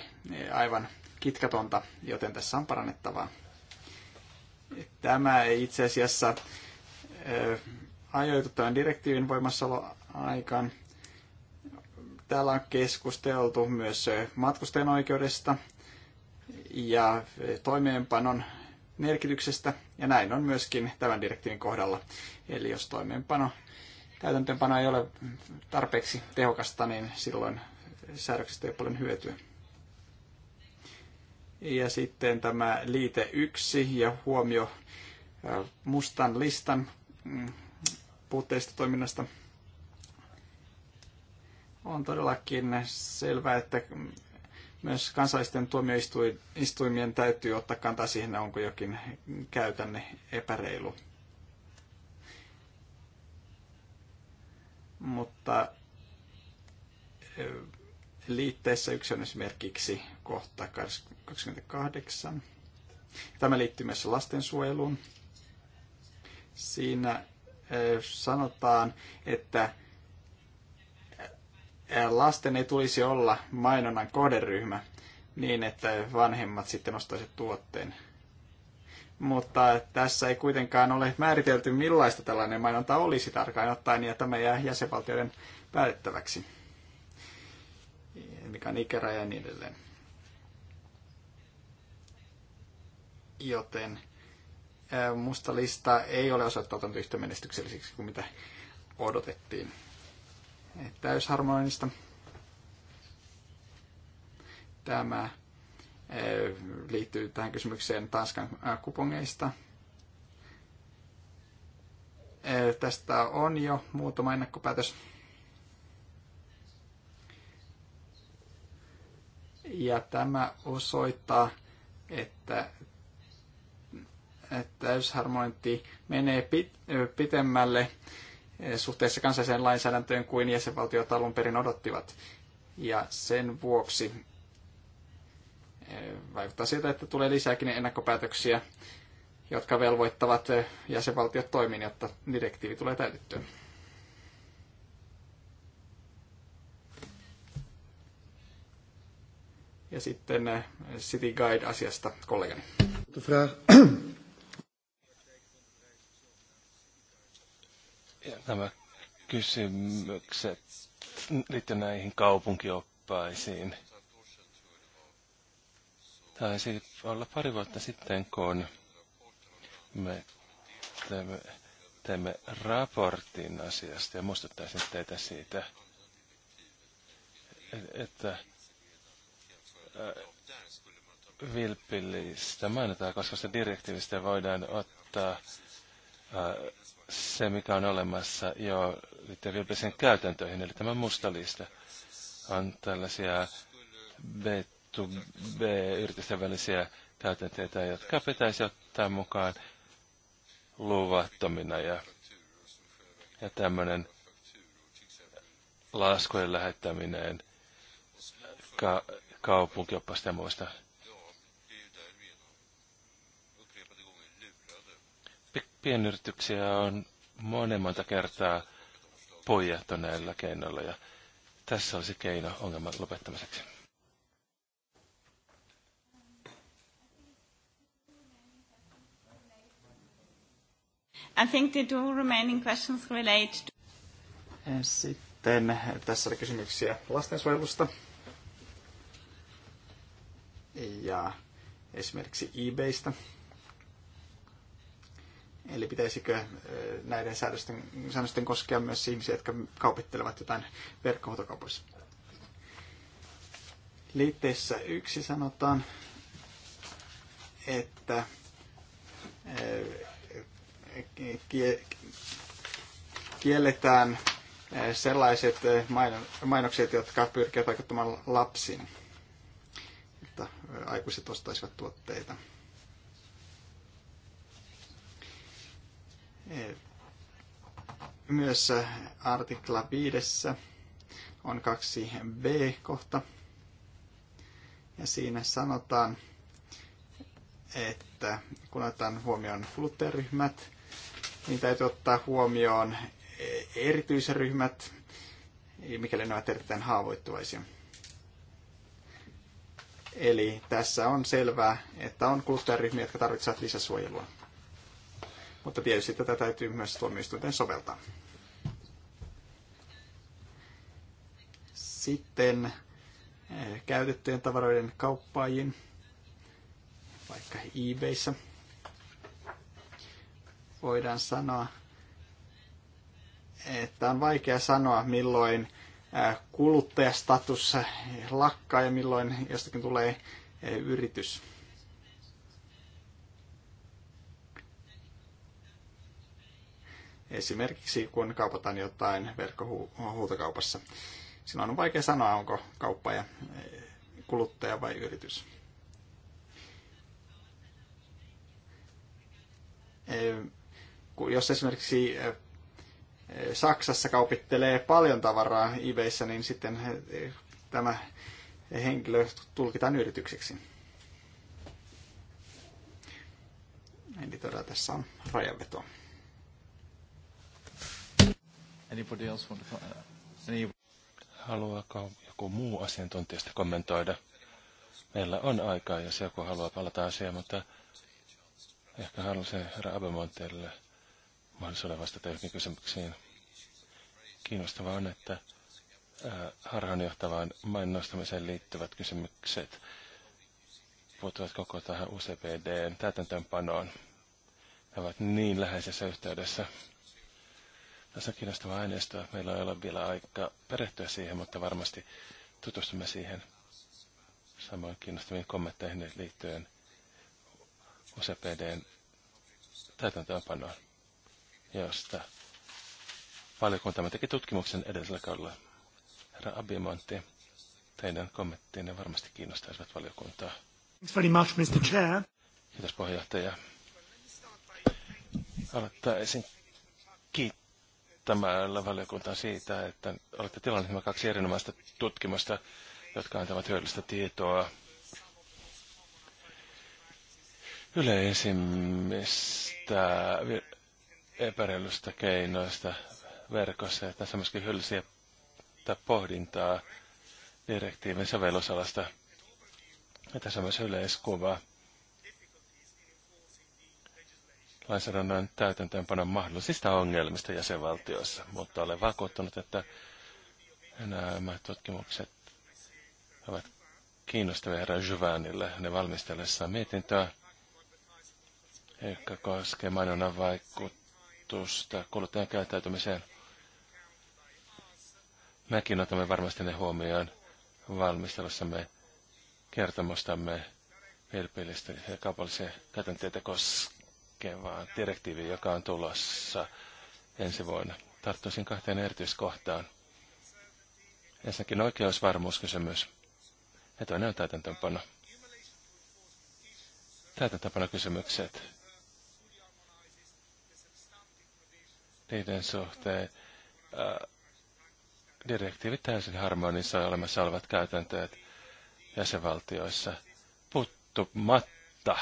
aivan kitkatonta, joten tässä on parannettavaa. Tämä ei itse asiassa eh, ajoitu tämän direktiivin voimassaoloaikaan. Täällä on keskusteltu myös eh, matkustajan oikeudesta ja eh, toimeenpanon merkityksestä, ja näin on myöskin tämän direktiivin kohdalla. Eli jos toimeenpano, täytäntöönpano ei ole tarpeeksi tehokasta, niin silloin säädöksistä ei ole paljon hyötyä. Ja sitten tämä liite 1 ja huomio mustan listan mm, puutteista toiminnasta. On todellakin selvää, että myös kansallisten tuomioistuimien täytyy ottaa kantaa siihen, onko jokin käytänne epäreilu. Mutta liitteessä yksi on esimerkiksi kohta 28. Tämä liittyy myös lastensuojeluun. Siinä sanotaan, että lasten ei tulisi olla mainonnan kohderyhmä niin, että vanhemmat sitten ostaisivat tuotteen. Mutta tässä ei kuitenkaan ole määritelty, millaista tällainen mainonta olisi tarkkaan ottaen, ja tämä jää jäsenvaltioiden päätettäväksi mikä on ikäraja ja niin edelleen. Joten musta lista ei ole osoittautunut yhtä menestykselliseksi kuin mitä odotettiin. Täysharmonista. Tämä liittyy tähän kysymykseen Tanskan kupongeista. Tästä on jo muutama ennakkopäätös Ja tämä osoittaa, että, että täysharmointi menee pit, pitemmälle eh, suhteessa kansalliseen lainsäädäntöön kuin jäsenvaltiot alun perin odottivat. Ja sen vuoksi eh, vaikuttaa siltä, että tulee lisääkin ennakkopäätöksiä, jotka velvoittavat eh, jäsenvaltiot toimiin, jotta direktiivi tulee täytettyä. Ja sitten eh, City Guide-asiasta kollegani. Ja nämä kysymykset liittyen näihin kaupunkioppaisiin. Taisi olla pari vuotta sitten, kun me teemme, teemme raportin asiasta ja muistuttaisin teitä siitä, että vilpillistä mainita, koska se direktiivistä voidaan ottaa se, mikä on olemassa jo vilpillisen käytäntöihin, eli tämä musta lista on tällaisia B2B-yritysten välisiä käytänteitä, jotka pitäisi ottaa mukaan luvattomina ja, ja tämmöinen laskujen lähettäminen kaupunkioppaista ja muista. Pienyrityksiä on monen monta kertaa pojattu näillä keinoilla ja tässä on se keino ongelman lopettamiseksi. I think the two remaining questions relate to... Sitten tässä oli kysymyksiä lastensuojelusta ja esimerkiksi eBaystä. Eli pitäisikö näiden säädösten, säännösten koskea myös ihmisiä, jotka kaupittelevat jotain verkkohuutokaupoissa? Liitteessä yksi sanotaan, että kielletään sellaiset mainokset, jotka pyrkivät vaikuttamaan lapsiin että aikuiset ostaisivat tuotteita. E, myös artikla 5 on kaksi B-kohta. Ja siinä sanotaan, että kun otetaan huomioon kuluttajaryhmät, niin täytyy ottaa huomioon e, erityisryhmät, mikäli ne ovat erittäin haavoittuvaisia. Eli tässä on selvää, että on kuluttajaryhmiä, jotka tarvitsevat lisäsuojelua. Mutta tietysti tätä täytyy myös tuomioistuinten soveltaa. Sitten eh, käytettyjen tavaroiden kauppaajiin, vaikka eBayssä, voidaan sanoa, että on vaikea sanoa, milloin Äh, kuluttajastatus lakkaa ja milloin jostakin tulee äh, yritys. Esimerkiksi kun kaupataan jotain verkkohuutokaupassa. Silloin on vaikea sanoa, onko kauppa ja äh, kuluttaja vai yritys. Jos esimerkiksi Saksassa kaupittelee paljon tavaraa eBayssä, niin sitten tämä henkilö tulkitaan yritykseksi. Eli todella tässä on rajanveto. Anybody else want to... Uh, any... Haluaako joku muu asiantuntijasta kommentoida? Meillä on aikaa, jos joku haluaa palata asiaan, mutta ehkä haluaisin herra Abemontelle mahdollisuuden vastata johonkin kysymyksiin. Kiinnostavaa on, että harhaanjohtavaan mainostamiseen liittyvät kysymykset puuttuvat koko tähän UCPDn täytäntöönpanoon. Ne ovat niin läheisessä yhteydessä. Tässä on kiinnostavaa aineisto. Meillä ei ole vielä aika perehtyä siihen, mutta varmasti tutustumme siihen. Samoin kiinnostaviin kommentteihin liittyen UCPDn täytäntöönpanoon josta valiokunta teki tutkimuksen edellisellä kaudella. Herra Abimonti, teidän kommenttiinne varmasti kiinnostaisivat valiokuntaa. Thanks very much, Mr. Chair. Kiitos puheenjohtaja. Aloittaisin kiittämällä valiokuntaa siitä, että olette tilanneet nämä kaksi erinomaista tutkimusta, jotka antavat hyödyllistä tietoa yleisimmistä epäreilystä keinoista verkossa. Ja tässä myöskin hylsiä tai pohdintaa direktiivin sovellusalasta. Ja tässä on myös yleiskuva lainsäädännön täytäntöönpanon mahdollisista ongelmista jäsenvaltioissa, mutta olen vakuuttunut, että nämä tutkimukset ovat kiinnostavia herra Juvanille. Ne valmistellessaan mietintöä, joka koskee mainonnan vaikuttaa tuosta kuluttajan käyttäytymiseen. Mekin otamme varmasti ne huomioon valmistelussamme kertomustamme vilpillistä ja kaupallisia käytänteitä koskevaan direktiiviin, joka on tulossa ensi vuonna. Tarttuisin kahteen erityiskohtaan. Ensinnäkin oikeusvarmuuskysymys ja toinen on täytäntöönpano. kysymykset. niiden suhteen äh, direktiivit täysin harmonisoi olemassa olevat käytäntöjä jäsenvaltioissa puuttumatta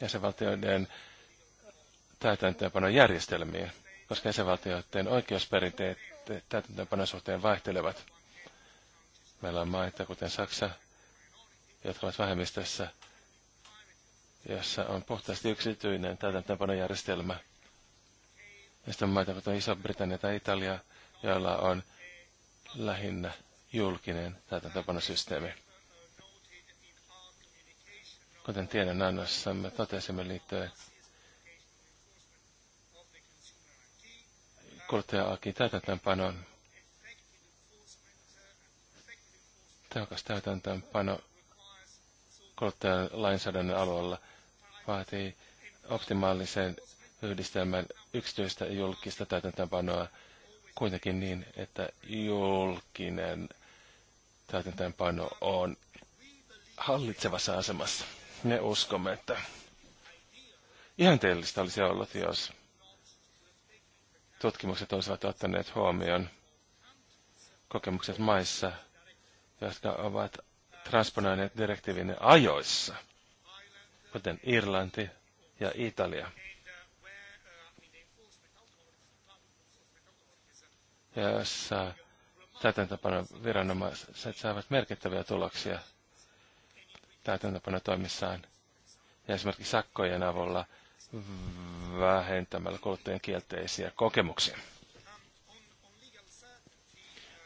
jäsenvaltioiden täytäntöönpanon järjestelmiä, koska jäsenvaltioiden oikeusperinteet täytäntöönpanon suhteen vaihtelevat. Meillä on maita, kuten Saksa, jotka ovat vähemmistössä, jossa on puhtaasti yksityinen täytäntöönpanojärjestelmä järjestelmä ja sitten maita, kuten Iso-Britannia tai Italia, joilla on lähinnä julkinen systeemi. Kuten tiedän annossa, me totesimme liittyen kuluttaja-akin täytäntöpanoon, Tehokas täytäntöpano kuluttajan lainsäädännön alueella vaatii optimaalisen yhdistelmän yksityistä ja julkista täytäntöönpanoa kuitenkin niin, että julkinen täytäntöönpano on hallitsevassa asemassa. Me uskomme, että ihan teellistä olisi ollut, jos tutkimukset olisivat ottaneet huomioon kokemukset maissa, jotka ovat transponoineet direktiivin ajoissa, kuten Irlanti ja Italia. jossa täytäntöpano viranomaiset saavat merkittäviä tuloksia täytäntöpano toimissaan ja esimerkiksi sakkojen avulla vähentämällä kuluttajien kielteisiä kokemuksia.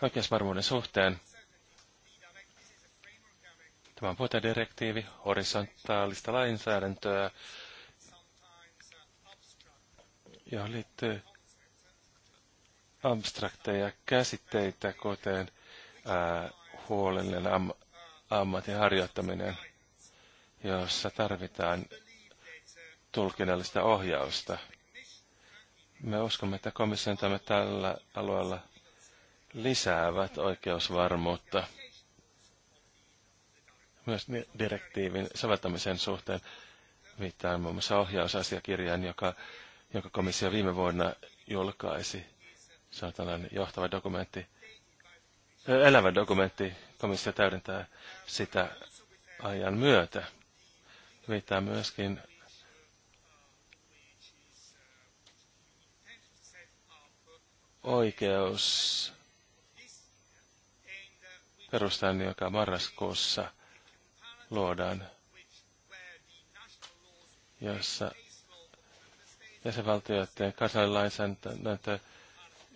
Oikeusvarmuuden suhteen Tämä on puitedirektiivi, horisontaalista lainsäädäntöä, johon liittyy abstrakteja käsitteitä, kuten äh, huolellinen am, ammatin harjoittaminen, jossa tarvitaan tulkinnallista ohjausta. Me uskomme, että komission tämä tällä alueella lisäävät oikeusvarmuutta myös direktiivin soveltamisen suhteen. Viittaan muun muassa ohjausasiakirjaan, joka, jonka komissio viime vuonna julkaisi se on tällainen johtava dokumentti, elävä dokumentti. Komissio täydentää sitä ajan myötä. Viittaa myöskin oikeus perustan, joka marraskuussa luodaan, jossa jäsenvaltioiden kansallinen lainsäädäntö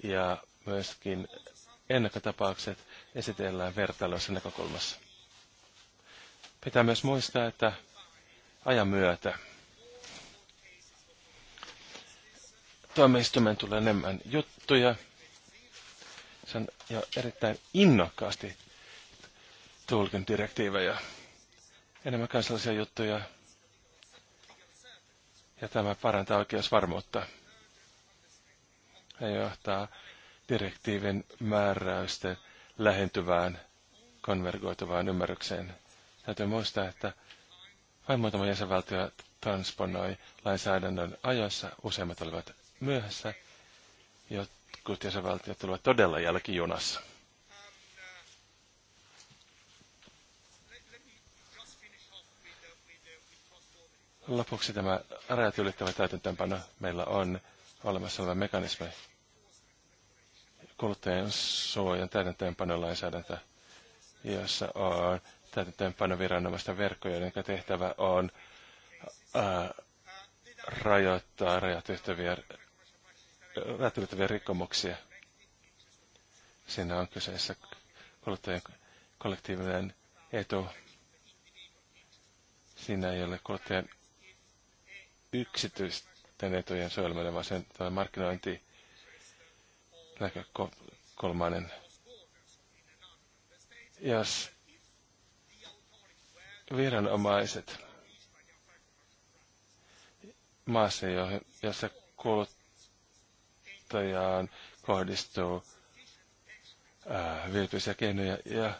ja myöskin ennakkotapaukset esitellään vertailussa näkökulmassa. Pitää myös muistaa, että ajan myötä tuomioistuimen tulee enemmän juttuja. Se on jo erittäin innokkaasti tulkin direktiivejä. Enemmän kansallisia juttuja. Ja tämä parantaa oikeusvarmuutta ja johtaa direktiivin määräysten lähentyvään konvergoituvaan ymmärrykseen. Täytyy muistaa, että vain muutama jäsenvaltio transponoi lainsäädännön ajoissa, useimmat olivat myöhässä, jotkut jäsenvaltiot tulivat todella jälkijunassa. Lopuksi tämä rajat ylittävä täytäntöönpano meillä on olemassa oleva mekanismi, kuluttajien suojan täytäntöönpanolainsäädäntö, jossa on täytäntöönpanoviranomaisten verkkoja, jonka tehtävä on ää, rajoittaa rajoittavia rikkomuksia. Siinä on kyseessä kuluttajien kollektiivinen etu. Siinä ei ole kuluttajan yksityisten etujen suojelmille, vaan sen markkinointi kolmannen. Jos viranomaiset maassa, jossa kuluttajaan kohdistuu vilpisiä keinoja ja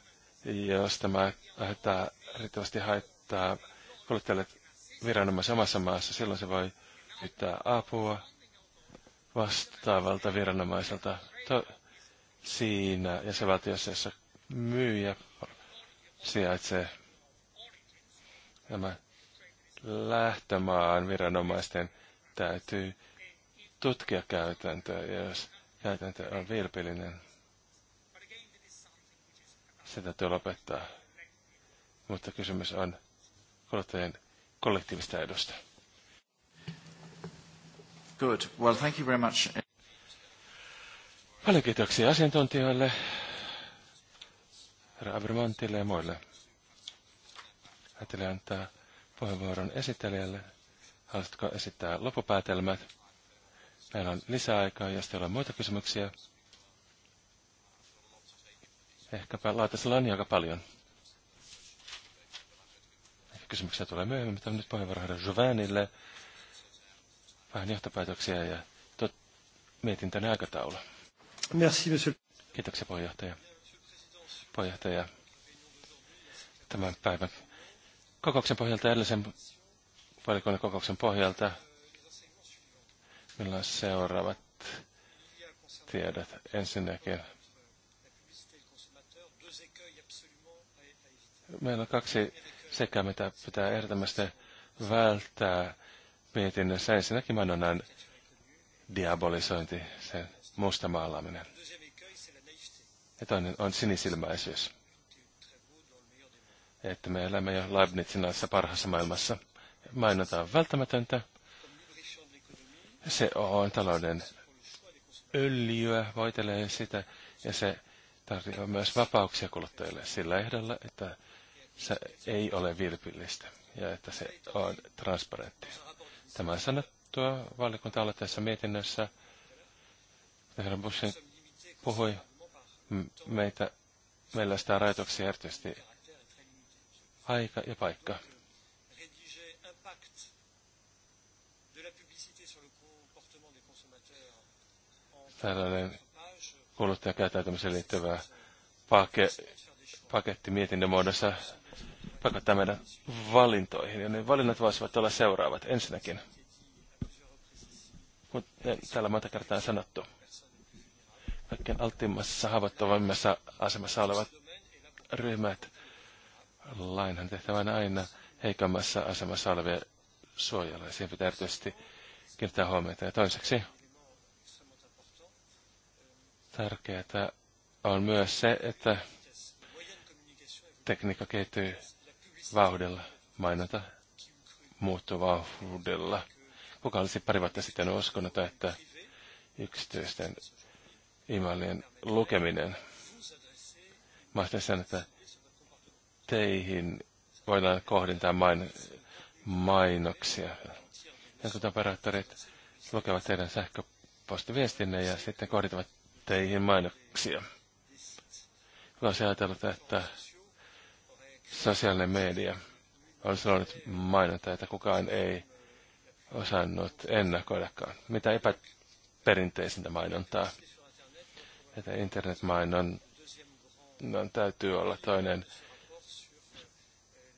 jos tämä aiheuttaa riittävästi haittaa kuluttajalle viranomaisen omassa maassa, silloin se voi pyytää apua vastaavalta viranomaiselta to, siinä jäsenvaltiossa, jossa myyjä sijaitsee nämä lähtömaan viranomaisten täytyy tutkia käytäntöä, jos käytäntö on vilpillinen. Se täytyy lopettaa. Mutta kysymys on kuluttajien kollektiivista edusta. Good. Well, thank you very much. Paljon kiitoksia asiantuntijoille, herra Abramantille ja muille. Ajattelin antaa puheenvuoron esittelijälle. Haluatko esittää loppupäätelmät? Meillä on lisäaikaa, jos teillä on muita kysymyksiä. Ehkäpä laatasella on aika paljon. Ehkä kysymyksiä tulee myöhemmin, mutta nyt puheenvuoro herra Jovanille. Vähän johtopäätöksiä ja tot... mietin tänne aikataulun. Merci, monsieur. Kiitoksia, puheenjohtaja. Puheenjohtaja, tämän päivän kokouksen pohjalta, edellisen valikoinnin kokouksen pohjalta, meillä on seuraavat tiedot. Ensinnäkin meillä on kaksi sekä, mitä pitää ehdottomasti välttää mietinnössä. Ensinnäkin mainonnan diabolisointi sen muusta maalaaminen. Ja toinen on sinisilmäisyys. Että me elämme jo Leibnizin kanssa parhaassa maailmassa. Mainonta on välttämätöntä. Se on talouden öljyä, voitelee sitä, ja se tarjoaa myös vapauksia kuluttajille sillä ehdolla, että se ei ole vilpillistä ja että se on transparentti. Tämä on sanottua valiokunta-aloitteessa mietinnössä – Herra Bosse, puhui meitä, meillä sitä rajoituksia erityisesti aika ja paikka. Tällainen kuluttajakäyttäytymiseen liittyvää pake, paketti mietinnön muodossa pakottaa meidän valintoihin. Ja ne valinnat voisivat olla seuraavat ensinnäkin. Mutta täällä monta kertaa sanottu kaikkein alttiimmassa haavoittuvimmassa asemassa olevat ryhmät. Lainhan tehtävän aina heikommassa asemassa olevia suojella siihen pitää erityisesti kiinnittää huomiota. Ja toiseksi tärkeää on myös se, että tekniikka kehittyy vauhdilla, mainota muuttuvauhdilla. Kuka olisi pari vuotta sitten uskonut, että yksityisten e lukeminen. Mä sen, että teihin voidaan kohdentaa main, mainoksia. Jotkut operaattorit lukevat teidän sähköpostiviestinne ja sitten kohdentavat teihin mainoksia. Voisi ajatellut, että sosiaalinen media on sanonut mainonta, että kukaan ei osannut ennakoidakaan. Mitä epäperinteisintä mainontaa että internetmainon täytyy olla toinen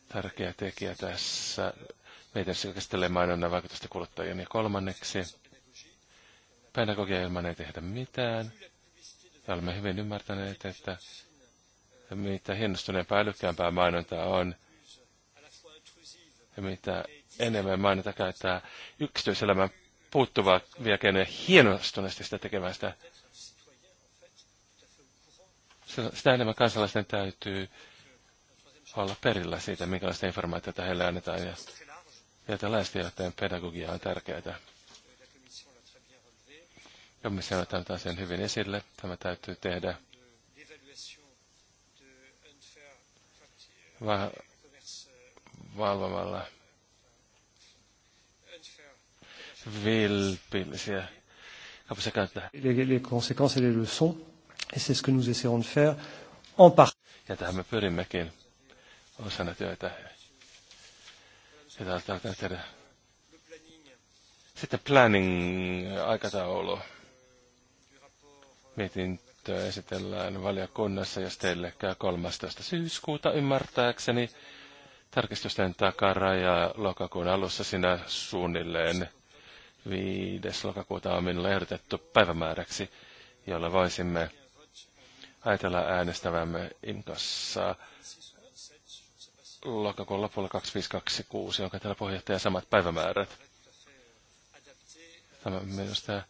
tärkeä tekijä tässä. Meidän se käsittelee mainonnan vaikutusta kuluttajien ja kolmanneksi. Pedagogia ilman ei tehdä mitään. Ja olemme hyvin ymmärtäneet, että mitä hienostuneen päällykkäämpää mainonta on, ja mitä enemmän mainonta käyttää yksityiselämän puuttuvaa vielä hienostuneesti sitä tekemään sitä sitä enemmän kansalaisten täytyy olla perillä siitä, minkälaista informaatiota heille annetaan. Ja, ja tällaisten pedagogia on tärkeää. Komissio on ottanut asian hyvin esille. Tämä täytyy tehdä va- valvomalla vilpillisiä Les, les conséquences et les leçons et c'est ce que nous essaierons de faire en partie. Ja tähän me pyrimmekin osana työtä. Sitä on tehdä. Sitten planning-aikataulu. Mietintö esitellään valiokunnassa, jos teille käy 13. syyskuuta ymmärtääkseni. Tarkistusten takaraja lokakuun alussa sinä suunnilleen 5. lokakuuta on minulle ehdotettu päivämääräksi, jolla voisimme ajatella äänestävämme Imkassa lokakuun lopulla 2526, jonka täällä puheenjohtaja samat päivämäärät. Tämä minusta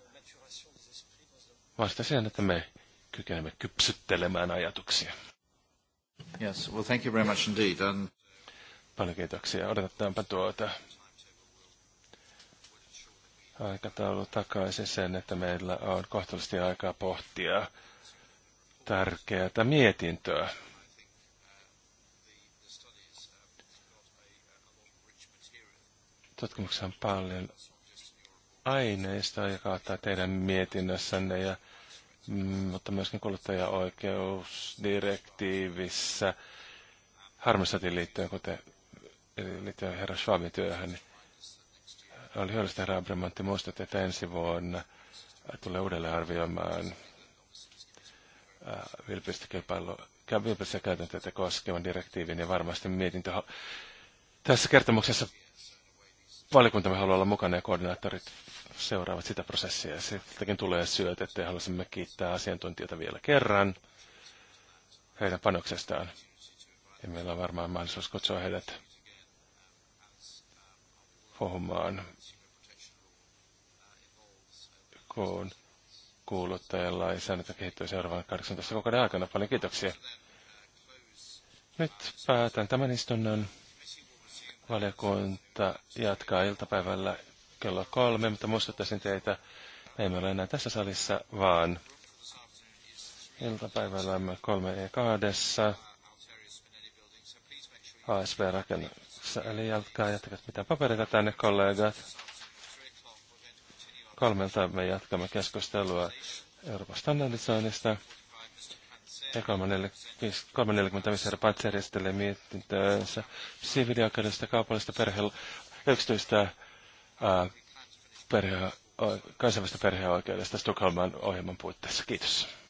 vastaa sen, että me kykenemme kypsyttelemään ajatuksia. Yes, well thank you very much indeed. And... Paljon kiitoksia. Odotetaanpa tuota aikataulu takaisin sen, että meillä on kohtuullisesti aikaa pohtia tärkeää mietintöä. Tutkimuksessa on paljon aineista joka ottaa teidän mietinnössänne, ja, mm, mutta myöskin kuluttajaoikeusdirektiivissä harmistatiin liittyen, kuten liittyen herra Schwabin työhön, niin oli hyödyllistä herra Abramantti muistut, että ensi vuonna tulee uudelleen arvioimaan Äh, vilpistä käytäntöitä koskevan direktiivin ja varmasti mietintö. Tässä kertomuksessa valiokuntamme haluaa olla mukana ja koordinaattorit seuraavat sitä prosessia. Sittenkin tulee syötettä ja haluaisimme kiittää asiantuntijoita vielä kerran heidän panoksestaan. Ja meillä on varmaan mahdollisuus kutsua heidät puhumaan, kun kuuluttajalla ei säännötä kehittyä seuraavan 18 kuukauden aikana. Paljon kiitoksia. Nyt päätän tämän istunnon. Valiokunta jatkaa iltapäivällä kello kolme, mutta muistuttaisin teitä, me emme ole enää tässä salissa, vaan iltapäivällä me kolme e kahdessa ASV-rakennuksessa. Eli jatkaa, jättäkää mitä paperita tänne kollegat. Kolmelta me jatkamme keskustelua Euroopan standardisoinnista. Ja 340 siis herra Patser järjestelee mietintöönsä siviilioikeudesta, kaupallista perhe, yksityistä ää, perhe, kansainvälistä perheoikeudesta Stockholman ohjelman puitteissa. Kiitos.